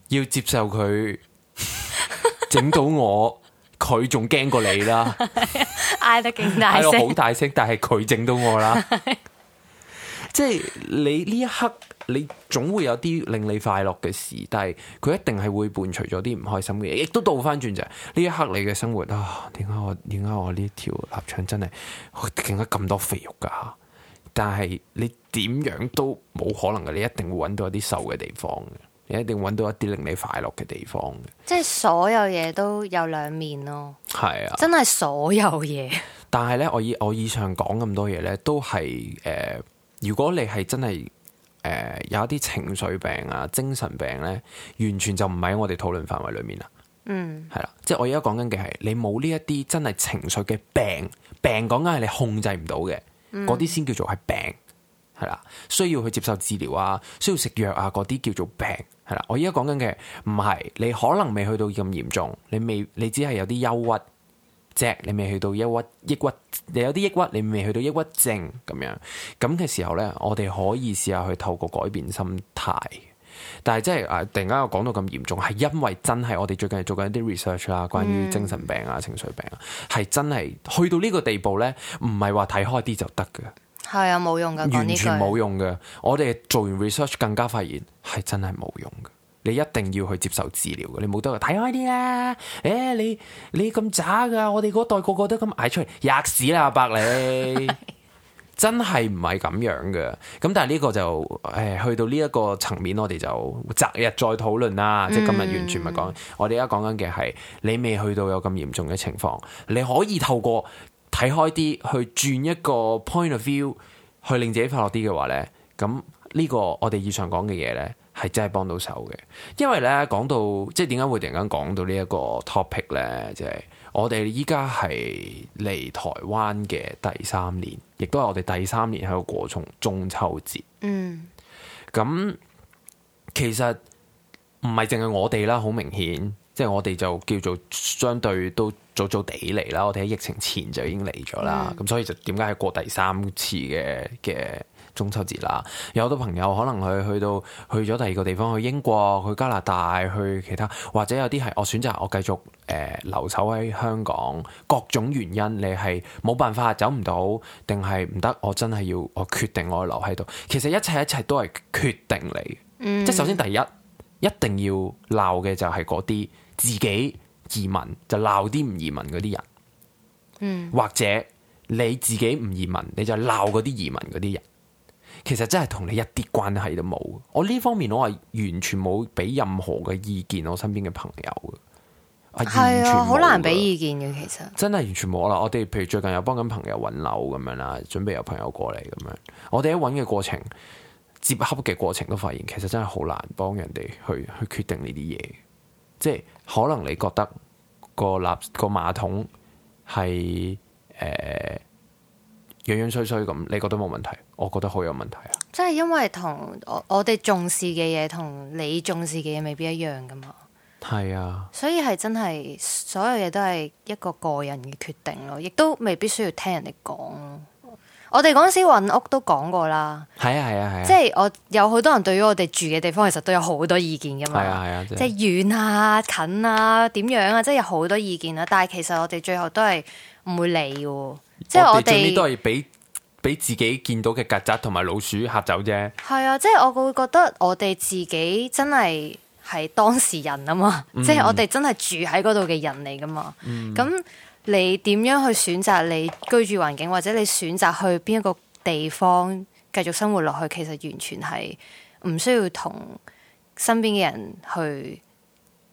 要接受佢整到我，佢仲驚過你啦。嗌 得勁大聲，好 大聲！但係佢整到我啦， 即係你呢一刻，你總會有啲令你快樂嘅事，但係佢一定係會伴隨咗啲唔開心嘅嘢。亦都倒翻轉就係呢一刻，你嘅生活啊，點解我點解我呢條臘腸真係，點解咁多肥肉噶？但係你點樣都冇可能嘅，你一定會揾到一啲瘦嘅地方嘅，你一定揾到一啲令你快樂嘅地方嘅。即係所有嘢都有兩面咯，係啊，真係所有嘢。但係咧，我以我以上講咁多嘢咧，都係誒、呃，如果你係真係誒、呃、有一啲情緒病啊、精神病咧，完全就唔喺我哋討論範圍裏面啦。嗯，係啦、啊，即係我而家講緊嘅係，你冇呢一啲真係情緒嘅病，病講緊係你控制唔到嘅。嗰啲先叫做係病，係啦，需要去接受治療啊，需要食藥啊，嗰啲叫做病，係啦。我依家講緊嘅唔係，你可能未去到咁嚴重，你未，你只係有啲憂鬱，即係你未去到憂鬱、抑鬱，你有啲抑鬱，你未去到抑鬱症咁樣，咁嘅時候咧，我哋可以試下去透過改變心態。但係即係誒，突然間又講到咁嚴重，係因為真係我哋最近做緊一啲 research 啦，關於精神病啊、情緒病啊，係、嗯、真係去到呢個地步咧，唔係話睇開啲就得嘅，係啊，冇用噶，完全冇用嘅。我哋做完 research 更加發現係真係冇用嘅，你一定要去接受治療嘅，你冇得話睇開啲啊，誒、欸，你你咁渣噶，我哋嗰代個個都咁嗌，出嚟，吔屎啦阿伯你！ 真係唔係咁樣嘅，咁但係呢個就誒去到呢一個層面，我哋就擇日再討論啦。嗯、即係今日完全唔係講，我哋而家講緊嘅係你未去到有咁嚴重嘅情況，你可以透過睇開啲去轉一個 point of view，去令自己快樂啲嘅話呢。咁呢個我哋以上講嘅嘢呢，係真係幫到手嘅。因為呢，講到即係點解會突然間講到呢一個 topic 呢？即係。我哋依家係嚟台灣嘅第三年，亦都係我哋第三年喺度過從中秋節。嗯，咁其實唔係淨係我哋啦，好明顯，即係我哋就叫做相對都早早地嚟啦。我哋喺疫情前就已經嚟咗啦，咁，嗯，所以就點解係過第三次嘅嘅？中秋節啦，有好多朋友可能佢去到去咗第二個地方，去英國、去加拿大、去其他，或者有啲係我選擇我繼續誒、呃、留守喺香港。各種原因，你係冇辦法走唔到，定係唔得？我真係要我決定我留喺度。其實一切一切都係決定嚟，嗯、即首先第一一定要鬧嘅就係嗰啲自己移民就鬧啲唔移民嗰啲人，嗯、或者你自己唔移民，你就鬧嗰啲移民嗰啲人。其實真係同你一啲關係都冇，我呢方面我係完全冇俾任何嘅意見，我身邊嘅朋友係、啊、完全好難俾意見嘅。其實真係完全冇啦。我哋譬如最近有幫緊朋友揾樓咁樣啦，準備有朋友過嚟咁樣，我哋喺揾嘅過程、接洽嘅過程都發現，其實真係好難幫人哋去去決定呢啲嘢。即係可能你覺得個垃個馬桶係誒。呃樣樣衰衰咁，你覺得冇問題？我覺得好有問題啊！即係因為同我，我哋重視嘅嘢，同你重視嘅嘢未必一樣噶嘛。係啊，所以係真係所有嘢都係一個個人嘅決定咯，亦都未必需要聽人哋講。我哋嗰陣時揾屋都講過啦，係啊係啊係啊，啊啊即係我有好多人對於我哋住嘅地方，其實都有好多意見噶嘛。係啊係啊，啊即係遠啊近啊點樣啊，即係有好多意見啊。但係其實我哋最後都係唔會理嘅。即係我哋最尾都係俾俾自己見到嘅曱甴同埋老鼠嚇走啫。係啊，即係我會覺得我哋自己真係係當事人啊嘛，嗯、即係我哋真係住喺嗰度嘅人嚟噶嘛。咁、嗯、你點樣去選擇你居住環境，或者你選擇去邊一個地方繼續生活落去，其實完全係唔需要同身邊嘅人去。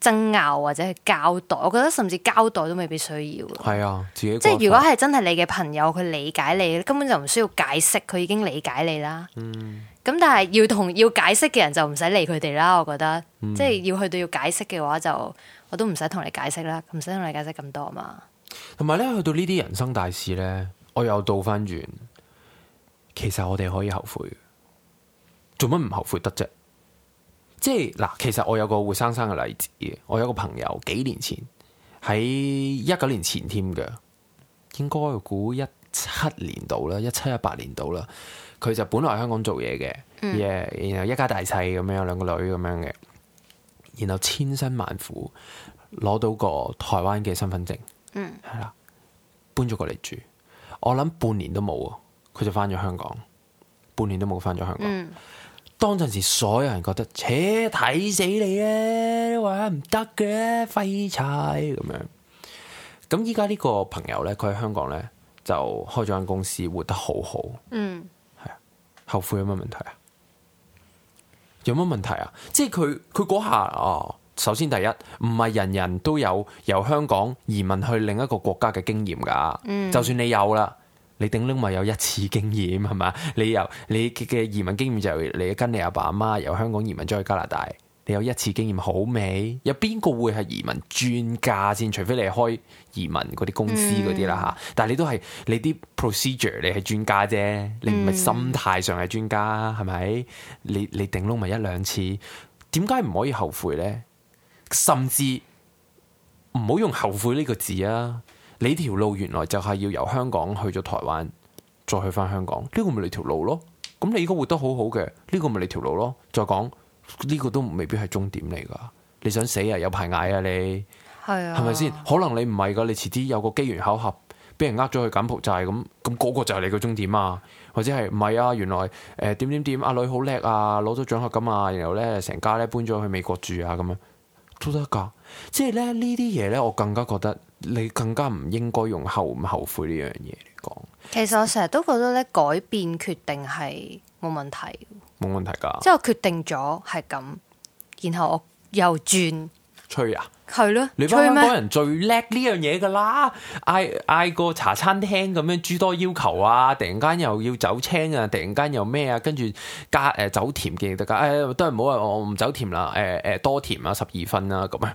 爭拗或者係交代，我覺得甚至交代都未必需要。係啊，即係如果係真係你嘅朋友，佢理解你，根本就唔需要解釋，佢已經理解你啦。咁、嗯、但係要同要解釋嘅人就唔使理佢哋啦。我覺得，嗯、即係要去到要解釋嘅話，就我都唔使同你解釋啦，唔使同你解釋咁多啊嘛。同埋咧，去到呢啲人生大事咧，我又倒翻完。其實我哋可以後悔，做乜唔後悔得啫？即係嗱，其實我有個活生生嘅例子，我有一個朋友，幾年前喺，一九年前添嘅，應該估一七年度啦，一七一八年度啦。佢就本來喺香港做嘢嘅，嘢、嗯、然後一家大細咁樣，兩個女咁樣嘅，然後千辛萬苦攞到個台灣嘅身份證，嗯，係啦，搬咗過嚟住。我諗半年都冇，佢就翻咗香港，半年都冇翻咗香港。嗯當陣時，所有人覺得，切，睇死你啊！話唔得嘅，廢柴咁樣。咁依家呢個朋友呢，佢喺香港呢，就開咗間公司，活得好好。嗯，係啊，後悔有乜問題啊？有乜問題啊？即係佢佢嗰下啊。首先第一，唔係人人都有由香港移民去另一個國家嘅經驗噶。嗯，就算你有啦。你頂櫳咪有一次經驗係咪？你由你嘅移民經驗就係你跟你阿爸阿媽由香港移民咗去加拿大，你有一次經驗好未？有邊個會係移民專家先？除非你開移民嗰啲公司嗰啲啦吓。嗯、但係你都係你啲 procedure，你係專家啫。你唔係心態上係專家係咪？你你頂櫳咪一兩次？點解唔可以後悔咧？甚至唔好用後悔呢個字啊！你條路原來就係要由香港去咗台灣，再去翻香港，呢個咪你條路咯。咁你應該活得好好嘅，呢個咪你條路咯。再講呢、呢個都未必係終點嚟噶。你想死啊？有排捱啊你。係啊。係咪先？可能你唔係噶，你遲啲有個機緣巧合，俾人呃咗去柬埔寨咁，咁、那、嗰個就係你個終點啊。或者係唔係啊？原來誒、呃、點點點，阿女好叻啊，攞咗、啊、獎學金啊，然後咧成家咧搬咗去美國住啊，咁樣。都得噶，即係咧呢啲嘢咧，我更加覺得你更加唔應該用後唔後悔呢樣嘢嚟講。其實我成日都覺得咧，改變決定係冇問題，冇問題噶。即係我決定咗係咁，然後我又轉，吹啊！係咯，你香港人最叻呢樣嘢噶啦！嗌嗌個茶餐廳咁樣諸多要求啊，突然間又要走青啊，突然間又咩啊，跟住加誒、呃、走甜嘅，大家誒都係唔好話我唔走甜，呃甜啊啊、啦，誒誒多甜啊，十二分啊咁樣，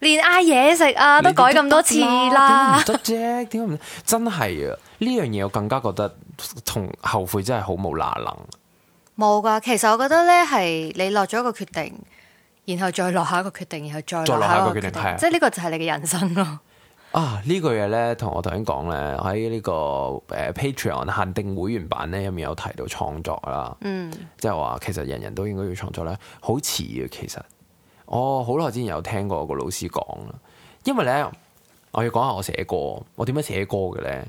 連嗌嘢食啊都改咁多次啦，唔得啫，點解唔得？真係啊？呢樣嘢我更加覺得同後悔真係好冇哪能，冇噶。其實我覺得咧，係你落咗個決定。然後再落下一個決定，然後再落下一個決定，係是的 即係呢個就係你嘅人生咯。啊，呢個嘢咧，同我頭先講咧，喺呢個 Patreon 限定會員版咧，入面有提到創作啦。嗯，即係話其實人人都應該要創作啦。好遲啊，其實我好耐之前有聽過個老師講啦，因為咧，我要講下我寫歌，我點樣寫歌嘅咧？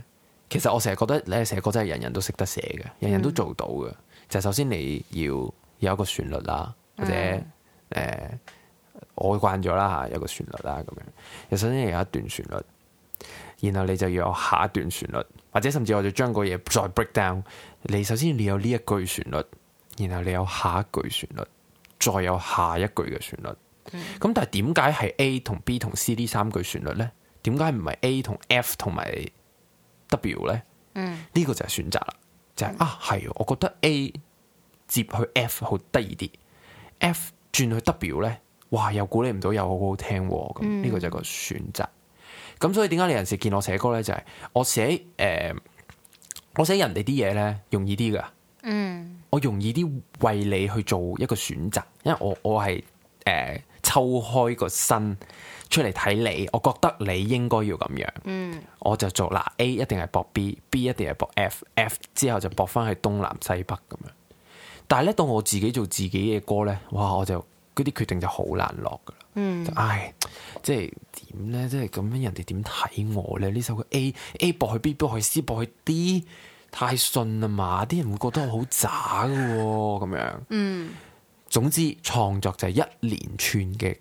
其實我成日覺得你寫歌真係人人都識得寫嘅，人人都做到嘅。嗯、就首先你要有一個旋律啦，或者、嗯。誒、呃，我慣咗啦吓，有個旋律啦，咁樣。首先有一段旋律，然後你就要有下一段旋律，或者甚至我就將個嘢再 break down。你首先你有呢一句旋律，然後你有下一句旋律，再有下一句嘅旋律。咁、嗯、但係點解係 A 同 B 同 C 呢三句旋律咧？點解唔係 A 同 F 同埋 W 咧？呢、嗯、個就係選擇啦，就係、是嗯、啊，係我覺得 A 接去 F 好得意啲，F。轉去 W 咧，哇又估你唔到，又好好聽咁，呢個就係一個選擇。咁、嗯、所以點解你有時見我寫歌咧，就係、是、我寫誒、呃，我寫人哋啲嘢咧容易啲噶。嗯，我容易啲為你去做一個選擇，因為我我係誒、呃、抽開個身出嚟睇你，我覺得你應該要咁樣。嗯，我就做啦 A 一定係博 B，B 一定係博 F，F 之後就博翻去東南西北咁樣。但係咧，當我自己做自己嘅歌咧，哇！我就嗰啲決定就好難落噶啦。嗯、um, 哎，唉，即係點咧？即係咁樣，人哋點睇我咧？呢首歌 A A 駁去 B，駁去 C，駁去 D，太順啊嘛！啲人會覺得我好渣噶，咁樣。嗯，總之創作就係一連串嘅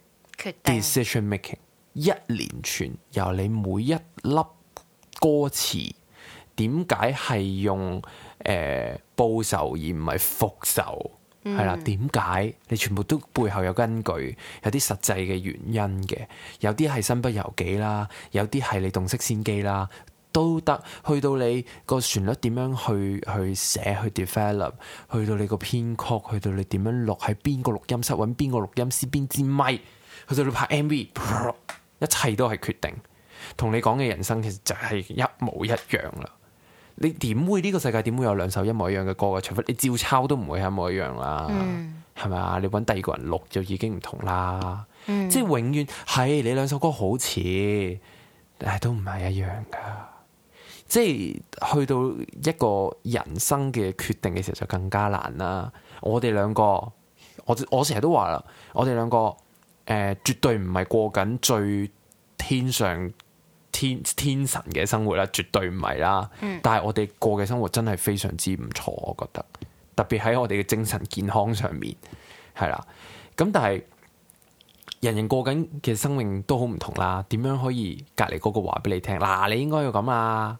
decision making，一連串由你每一粒歌詞點解係用。誒、呃、報仇而唔係復仇，係啦、嗯。點解你全部都背後有根據，有啲實際嘅原因嘅，有啲係身不由己啦，有啲係你洞悉先機啦，都得。去到你個旋律點樣去去寫去 develop，去到你個編曲，去到你點樣錄，喺邊個錄音室，搵邊個錄音師，邊支咪，去到你拍 MV，一切都係決定。同你講嘅人生其實就係一模一樣啦。你點會呢、呢個世界點會有兩首一模一樣嘅歌嘅？除非你照抄都唔會係一模一樣啦，係咪啊？你揾第二個人錄就已經唔同啦。Mm. 即係永遠係你兩首歌好似，但係都唔係一樣嘅。即係去到一個人生嘅決定嘅時候就更加難啦。我哋兩個，我我成日都話啦，我哋兩個誒、呃、絕對唔係過緊最天上。天天神嘅生活啦，絕對唔係啦。嗯、但係我哋過嘅生活真係非常之唔錯，我覺得特別喺我哋嘅精神健康上面係啦。咁但係人人過緊嘅生命都好唔同啦。點樣可以隔籬嗰個話俾你聽？嗱、啊，你應該要咁啊！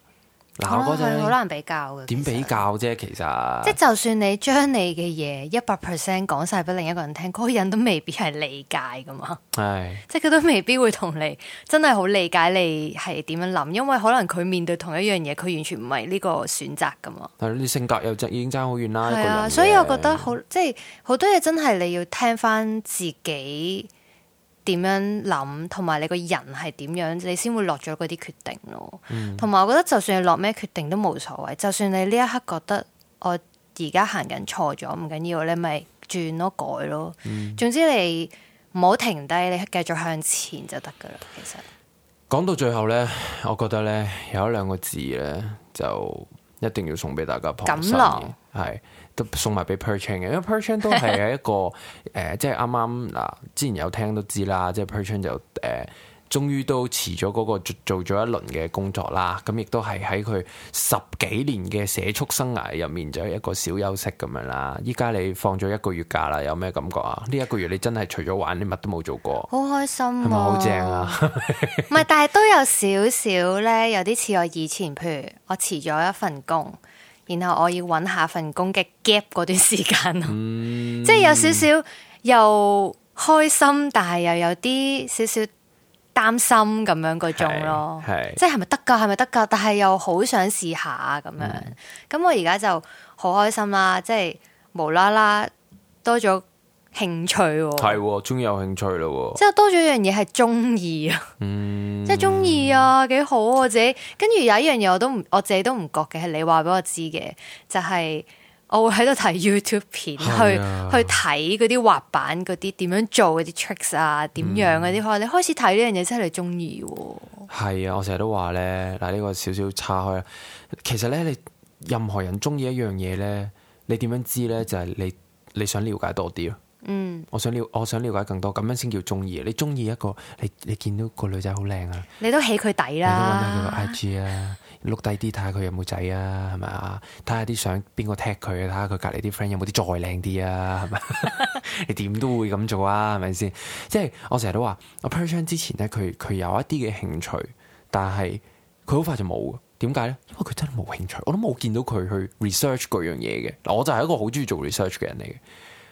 嗱、啊，我覺得好難比較㗎。點比較啫？其實即係就算你將你嘅嘢一百 percent 講晒俾另一個人聽，嗰、嗰個人都未必係理解噶嘛。係唉，即係佢都未必會同你真係好理解你係點樣諗，因為可能佢面對同一樣嘢，佢完全唔係呢個選擇噶嘛。係，啲性格又爭已經爭好遠啦。係啊，所以我覺得好即係好多嘢真係你要聽翻自己。點樣諗同埋你個人係點樣，你先會落咗嗰啲決定咯。同埋、嗯、我覺得，就算你落咩決定都冇所謂。就算你呢一刻覺得我而家行緊錯咗，唔緊要，你咪轉咯，改咯。嗯、總之你唔好停低，你繼續向前就得噶啦。其實講到最後呢，我覺得呢，有一兩個字呢，就一定要送俾大家。咁囉，係。都送埋俾 p e r c h e n 嘅，因為 p e r c h e n 都係一個誒、 呃，即係啱啱嗱，之前有聽都知啦，即係 p e r c h e n 就誒，終、呃、於都辭咗嗰個做咗一輪嘅工作啦，咁亦都係喺佢十幾年嘅社畜生涯入面就是、一個小休息咁樣啦。依家你放咗一個月假啦，有咩感覺啊？呢、這、一個月你真係除咗玩，啲乜都冇做過，好開心，好正啊！唔係、啊， 但係都有少少咧，有啲似我以前，譬如我辭咗一份工。然後我要揾下份工嘅 gap 嗰段時間咯、嗯，即係有少少又開心，但係又有啲少少擔心咁樣嗰種咯、嗯。即係係咪得㗎？係咪得㗎？但係又好想試下咁樣。咁我而家就好開心啦，即係無啦啦多咗。興趣係、哦哦，終於有興趣咯、哦，嗯、即係多咗一樣嘢，係中意啊，即係中意啊，幾好我自己。跟住有一樣嘢，我都唔，我自己都唔覺嘅，係你話俾我知嘅，就係、是、我會喺度睇 YouTube 片，是啊、去去睇嗰啲滑板嗰啲點樣做嗰啲 tricks 啊，點樣嗰啲開。嗯、你開始睇呢樣嘢，真係你中意。係啊，我成日都話咧，嗱呢個少少岔開啦。其實咧，你任何人中意一樣嘢咧，你點樣知咧？就係、是、你你想了解多啲咯。嗯，我想了，我想了解更多，咁樣先叫中意。你中意一個，你你見到個女仔好靚啊，你都起佢底啦，你都搵下佢個 I G 啦，碌低啲睇下佢有冇仔啊，係咪 啊？睇下啲相邊個踢佢，睇下佢隔籬啲 friend 有冇啲再靚啲啊，係咪？ 你點都會咁做啊？係咪先？即係我成日都話，我 perception 之前咧，佢佢有一啲嘅興趣，但係佢好快就冇。點解咧？因為佢真係冇興趣，我都冇見到佢去 research 個樣嘢嘅。嗱，我就係一個好中意做 research 嘅人嚟嘅。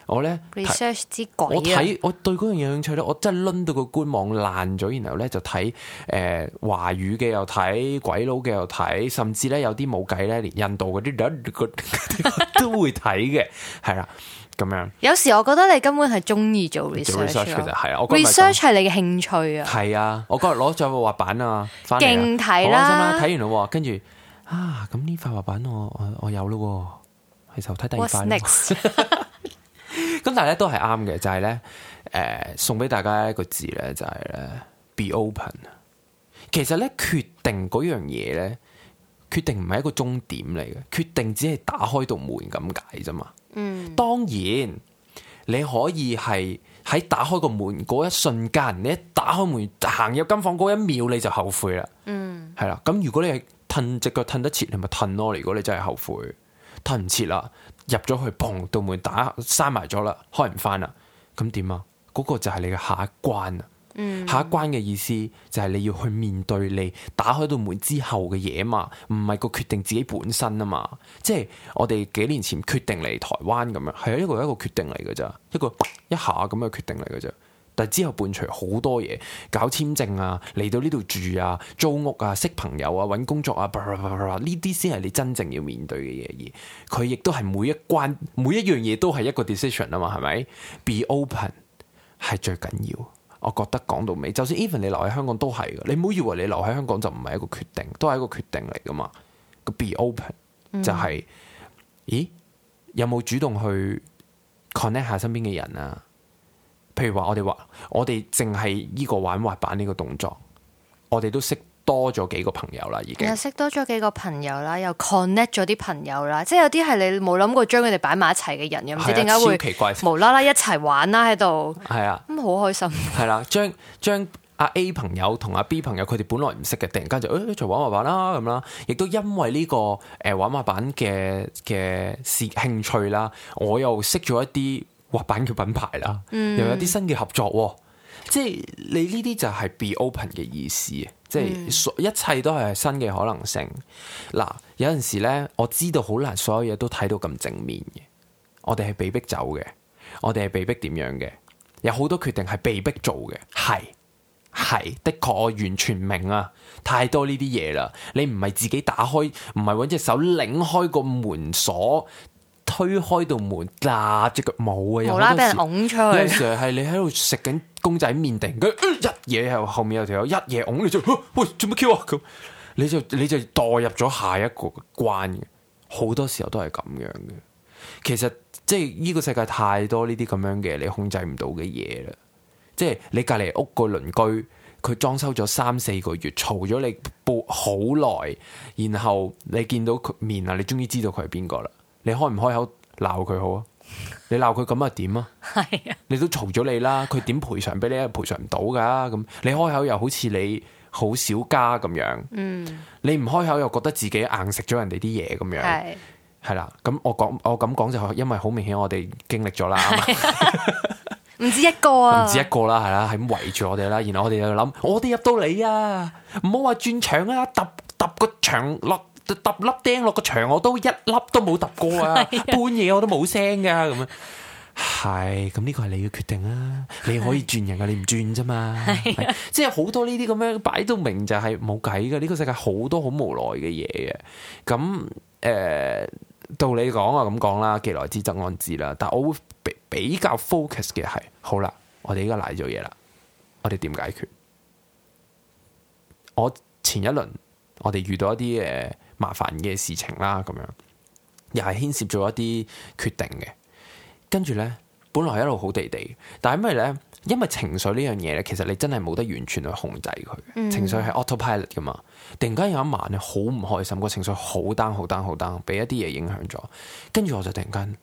我咧 research 啲鬼我睇我對嗰樣嘢興趣咧，我真係掄到個官網爛咗，然後咧就睇誒華語嘅，又睇鬼佬嘅，又睇，甚至咧有啲冇計咧，連印度嗰啲都都會睇嘅，係啦咁樣。有時我覺得你根本係中意做 research 嘅。係啊，research 係你嘅興趣啊。係啊，我今日攞咗個畫板啊，勁睇啦，睇完啦，跟住啊，咁呢塊畫板我我我有咯，係就睇第二塊。 咁但係咧都係啱嘅，就係咧，誒，送俾大家一個字咧，就係咧，be open。其實咧，決定嗰樣嘢咧，決定唔係一個終點嚟嘅，決定只係打開道門咁解啫嘛。嗯，當然你可以係喺打開個門嗰一瞬間，你一打開門行入金房嗰一秒，你就後悔啦。嗯，係啦，咁如果你係褪隻腳褪得切，你咪褪咯。如果你真係後悔，褪唔切啦。入咗去，砰！道門打閂埋咗啦，開唔返啦，咁點啊？嗰個就係你嘅下一關啊！嗯，下一關嘅意思就係你要去面對你打開道門之後嘅嘢嘛，唔係個決定自己本身啊嘛，即係我哋幾年前決定嚟台灣咁樣，係一個一個決定嚟噶咋，一個一下咁嘅決定嚟噶咋。但之後伴隨好多嘢，搞簽證啊，嚟到呢度住啊，租屋啊，識朋友啊，搵工作啊，呢啲先係你真正要面對嘅嘢。而佢亦都係每一關，每一樣嘢都係一個 decision 啊嘛，係咪？Be open 係最緊要。我覺得講到尾，就算 even 你留喺香港都係嘅，你唔好以為你留喺香港就唔係一個決定，都係一個決定嚟㗎嘛。個 be open、嗯、就係、是，咦，有冇主動去 connect 下身邊嘅人啊？譬如話我哋話，我哋淨係呢個玩滑板呢個動作，我哋都識多咗幾個朋友啦，已經又識多咗幾個朋友啦，又 connect 咗啲朋友啦，即係有啲係你冇諗過將佢哋擺埋一齊嘅人，啊、又唔知點解會奇怪無啦啦一齊玩啦喺度，係啊，咁好開心。係啦，將將阿 A 朋友同阿 B 朋友，佢哋本來唔識嘅，突然間就誒，就、欸、一齊玩滑板啦咁啦，亦都因為呢個誒玩滑板嘅嘅事興趣啦，我又識咗一啲。滑板嘅品牌啦，又有啲新嘅合作，嗯、即係你呢啲就係 be open 嘅意思，嗯、即係所一切都係新嘅可能性。嗱，有陣時咧，我知道好難，所有嘢都睇到咁正面嘅。我哋係被逼走嘅，我哋係被逼點樣嘅？有好多決定係被逼做嘅，係係的確，我完全明啊！太多呢啲嘢啦，你唔係自己打開，唔係搵隻手擰開個門鎖。推開道門，夾隻腳冇啊！無啦啦，俾人拱出去。有陣時係你喺度食緊公仔麵 面，定？然一嘢，後後面有條友一嘢拱你，就喂做乜 Q 啊？咁你就你就代入咗下一個關嘅，好多時候都係咁樣嘅。其實即係呢個世界太多呢啲咁樣嘅你控制唔到嘅嘢啦。即係你隔籬屋個鄰居，佢裝修咗三四個月，嘈咗你播好耐，然後你見到佢面啊，你終於知道佢係邊個啦。你開唔開口鬧佢好啊？你鬧佢咁又點啊？係啊！你都嘈咗你啦，佢點賠償俾你啊？賠償唔到噶咁，你開口又好似你好小家咁樣，嗯，你唔開口又覺得自己硬食咗人哋啲嘢咁樣，係係啦。咁我講我咁講就因為好明顯我哋經歷咗啦，唔止一個啊，唔 止一個啦，係啦，係咁圍住我哋啦。然後我哋又諗，我哋入到你啊，唔好話轉場啊，揼揼個場揼粒釘落個牆，我都一粒都冇揼過啊！ 半夜我都冇聲噶咁啊，係咁呢個係你要決定啊！ 你可以轉人啊。你唔轉啫嘛， 即係好多呢啲咁樣擺到明就係冇計噶，呢、這個世界好多好無奈嘅嘢嘅。咁誒、呃，道理講啊，咁講啦，既來之則安之啦。但係我會比比較 focus 嘅係，好啦，我哋依家瀨咗嘢啦，我哋點解決？我前一輪我哋遇到一啲誒。呃麻煩嘅事情啦，咁樣又係牽涉咗一啲決定嘅。跟住呢，本來一路好地地，但係因為呢，因為情緒呢樣嘢呢，其實你真係冇得完全去控制佢。嗯、情緒係 autopilot 噶嘛。突然間有一晚咧，好唔開心，個情緒好 down，好 down，好 down，俾一啲嘢影響咗。跟住我就突然間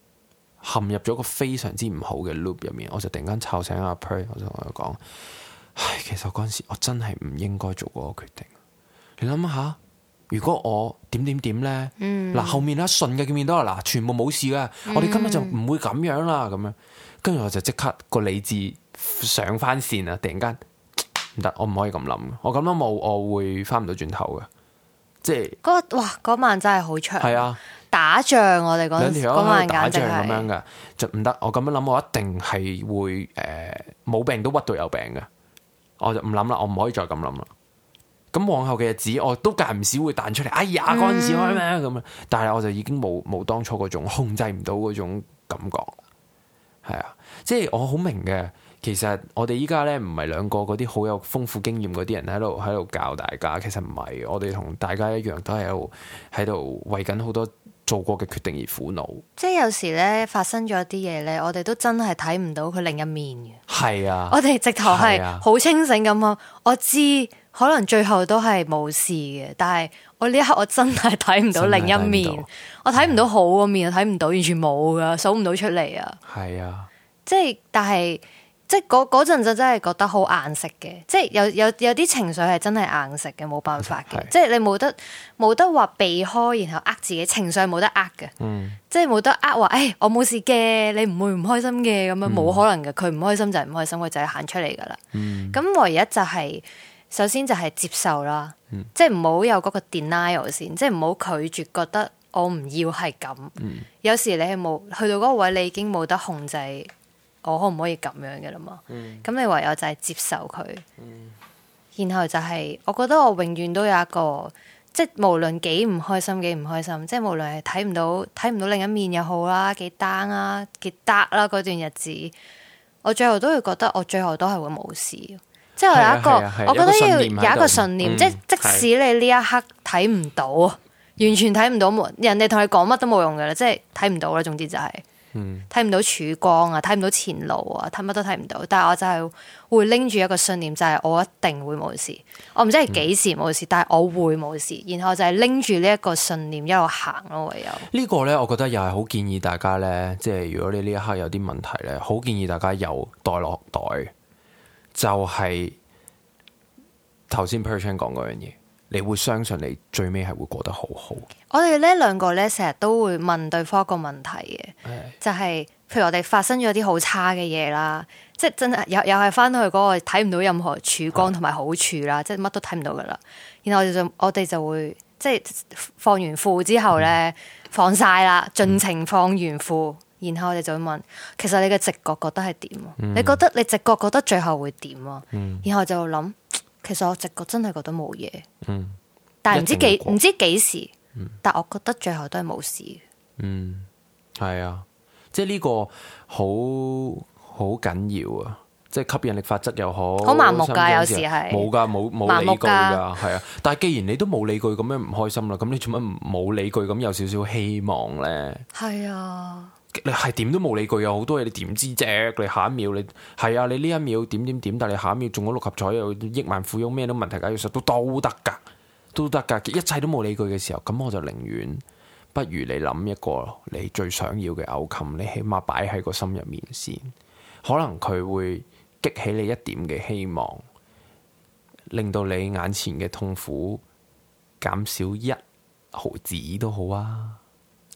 陷入咗個非常之唔好嘅 loop 入面。我就突然間吵醒阿 Pray，我就同佢講：，唉，其實嗰陣時我真係唔應該做嗰個決定。你諗下。如果我點點點咧，嗱、嗯、後面啦順嘅見面都係啦，嗱，全部冇事噶，嗯、我哋今日就唔會咁樣啦，咁樣，跟住我就即刻個理智上翻線啊！突然間唔得，我唔可以咁諗，我咁樣冇，我會翻唔到轉頭噶，即係嗰哇嗰晚真係好長，係啊，打仗我哋嗰陣嗰晚打仗咁樣噶，就唔得，我咁樣諗我一定係會誒冇、呃、病都屈到有病噶，我就唔諗啦，我唔可以再咁諗啦。咁往後嘅日子，我都隔唔少會彈出嚟。哎呀，嗰陣時開咩咁樣？但係我就已經冇冇當初嗰種控制唔到嗰種感覺。係啊，即係我好明嘅。其實我哋依家咧唔係兩個嗰啲好有豐富經驗嗰啲人喺度喺度教大家。其實唔係，我哋同大家一樣，都係喺度喺度為緊好多做過嘅決定而苦惱。即係有時咧發生咗一啲嘢咧，我哋都真係睇唔到佢另一面嘅。係啊，我哋直頭係好清醒咁啊！我知。可能最後都係冇事嘅，但係我呢一刻我真係睇唔到另一面，我睇唔到好嘅面，睇唔到完全冇噶，數唔到出嚟啊！係啊，即係但係即係嗰嗰陣就真係覺得好硬食嘅，即係有有有啲情緒係真係硬食嘅，冇辦法嘅，即係你冇得冇得話避開，然後呃自己情緒冇得呃嘅，嗯，即係冇得呃話，誒我冇事嘅，你唔會唔開心嘅咁樣，冇可能嘅，佢唔開心就係唔開心，佢就係行出嚟噶啦，嗯，咁唯一就係。首先就係接受啦，嗯、即係唔好有嗰個 denial 先，嗯、即係唔好拒絕，覺得我唔要係咁。嗯、有時你係冇去到嗰個位，你已經冇得控制，我可唔可以咁樣嘅啦嘛？咁、嗯、你唯有就係接受佢，嗯、然後就係、是、我覺得我永遠都有一個，即係無論幾唔開心，幾唔開心，即係無論係睇唔到睇唔到另一面又好啦，幾 down 啦，幾得啦，嗰段日子，我最後都會覺得我最後都係會冇事。即係我有一個，啊啊啊、我覺得要有，有一個信念，即係、嗯、即使你呢一刻睇唔到，啊、完全睇唔到，冇、啊、人哋同你講乜都冇用噶啦，即係睇唔到啦。總之就係，睇唔到曙光啊，睇唔到前路啊，睇乜都睇唔到。但係我就係會拎住一個信念，就係、是、我一定會冇事。我唔知係幾時冇事，嗯、但係我會冇事。然後就係拎住呢一個信念一路行咯。唯有個呢個咧，我覺得又係好建議大家咧，即係如果你呢一刻有啲問題咧，好建議大家有袋落袋。就係頭先 person 講嗰樣嘢，你會相信你最尾係會過得好好。我哋呢兩個咧，成日都會問對方一個問題嘅，Okay. 就係、是、譬如我哋發生咗啲好差嘅嘢啦，即係真係又又係翻到去嗰、那個睇唔到任何曙光同埋好處啦，Okay. 即係乜都睇唔到噶啦。然後我哋就我哋就會即係放完負之後咧、mm. 放晒啦，盡情放完負。Mm. 然後我哋就會問，其實你嘅直覺覺得係點？嗯、你覺得你直覺覺得最後會點？嗯、然後我就諗，其實我直覺真係覺得冇嘢。嗯，但唔知幾唔知幾時，嗯、但我覺得最後都係冇事。嗯，係啊，即係呢個好好緊要啊！即係吸引力法則又好，好盲目噶有時係，冇噶冇冇理據噶係啊！但係既然你都冇理據咁樣唔開心啦，咁你做乜冇理據咁有少少希望咧？係啊。你係點都冇理據，有好多嘢你點知啫？你下一秒你係啊，你呢一秒點點點，但係你下一秒中咗六合彩有億萬富翁咩都問題解決實都得噶，都得噶，一切都冇理據嘅時候，咁我就寧願不如你諗一個你最想要嘅 outcome，你起碼擺喺個心入面先，可能佢會激起你一點嘅希望，令到你眼前嘅痛苦減少一毫子都好啊！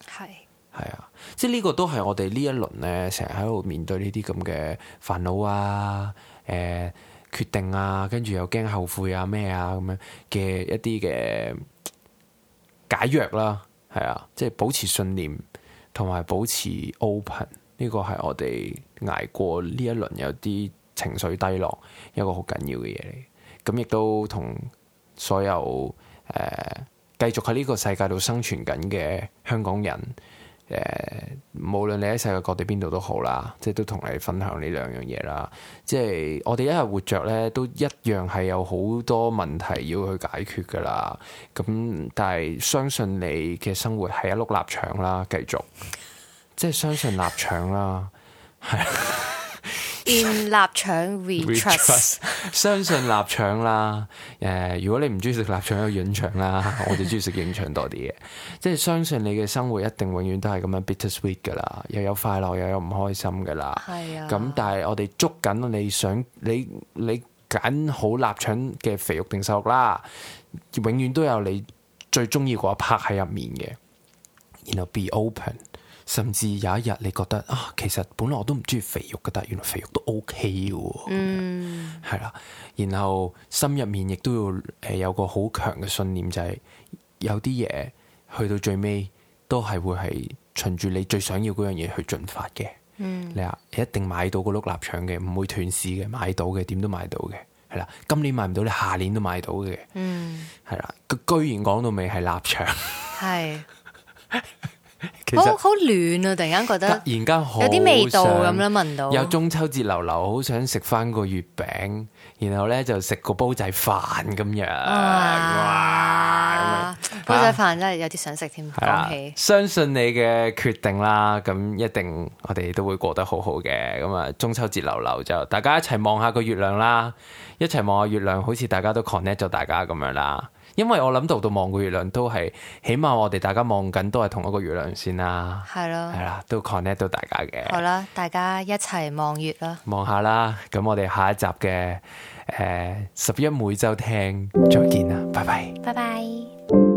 係。係啊，即係呢個都係我哋呢一輪咧，成日喺度面對呢啲咁嘅煩惱啊、誒、呃、決定啊，跟住又驚後悔啊、咩啊咁樣嘅一啲嘅解藥啦。係、嗯、啊，即係保持信念同埋保持 open，呢個係我哋捱過呢一輪有啲情緒低落一個好緊要嘅嘢嚟。咁亦都同所有誒、呃、繼續喺呢個世界度生存緊嘅香港人。誒，無論你喺世界各地邊度都好啦，即係都同你分享呢兩樣嘢啦。即係我哋一日活着咧，都一樣係有好多問題要去解決噶啦。咁但係相信你嘅生活係一碌臘腸啦，繼續，即係相信臘腸啦，係。 電臘腸，we trust，相信臘腸啦。誒、yeah，如果你唔中意食臘腸，有潤腸啦，我哋中意食潤腸多啲嘅。 即係相信你嘅生活一定永遠都係咁樣 bitter sweet 噶啦，又有快樂，又有唔開心噶啦。係啊。咁但係我哋捉緊你想，你你揀好臘腸嘅肥肉定瘦肉啦，永遠都有你最中意嗰一 part 喺入面嘅。然後 you know, be open. 甚至有一日你覺得啊，其實本來我都唔中意肥肉嘅，但原來肥肉都 OK 嘅喎。係啦、嗯。然後心入面亦都要誒有個好強嘅信念，就係、是、有啲嘢去到最尾都係會係循住你最想要嗰樣嘢去進發嘅、嗯。你啊一定買到個碌臘腸嘅，唔會斷市嘅，買到嘅點都買到嘅，係啦。今年買唔到，你下年都買到嘅。嗯，係啦。居然講到尾係臘腸。是。係。 其實好，好暖啊！突然間覺得，突然間有啲味道咁樣，聞到有中秋節流流，好想食翻個月餅，然後咧就食個煲仔飯咁樣哇！煲仔飯真係有啲想食添，恭喜！相信你嘅決定啦，咁一定我哋都會過得好好嘅。咁啊，中秋節流流就大家一齊望下個月亮啦，一齊望下月亮，好似大家都 connect 咗大家咁樣啦。因為我諗度度望個月亮都係，起碼我哋大家望緊都係同一個月亮先啦。係咯的，係啦，都 connect 到大家嘅。好啦，大家一齊望月啦。望下啦，咁我哋下一集嘅誒拾壹每週聽，再見啦，拜拜，拜拜。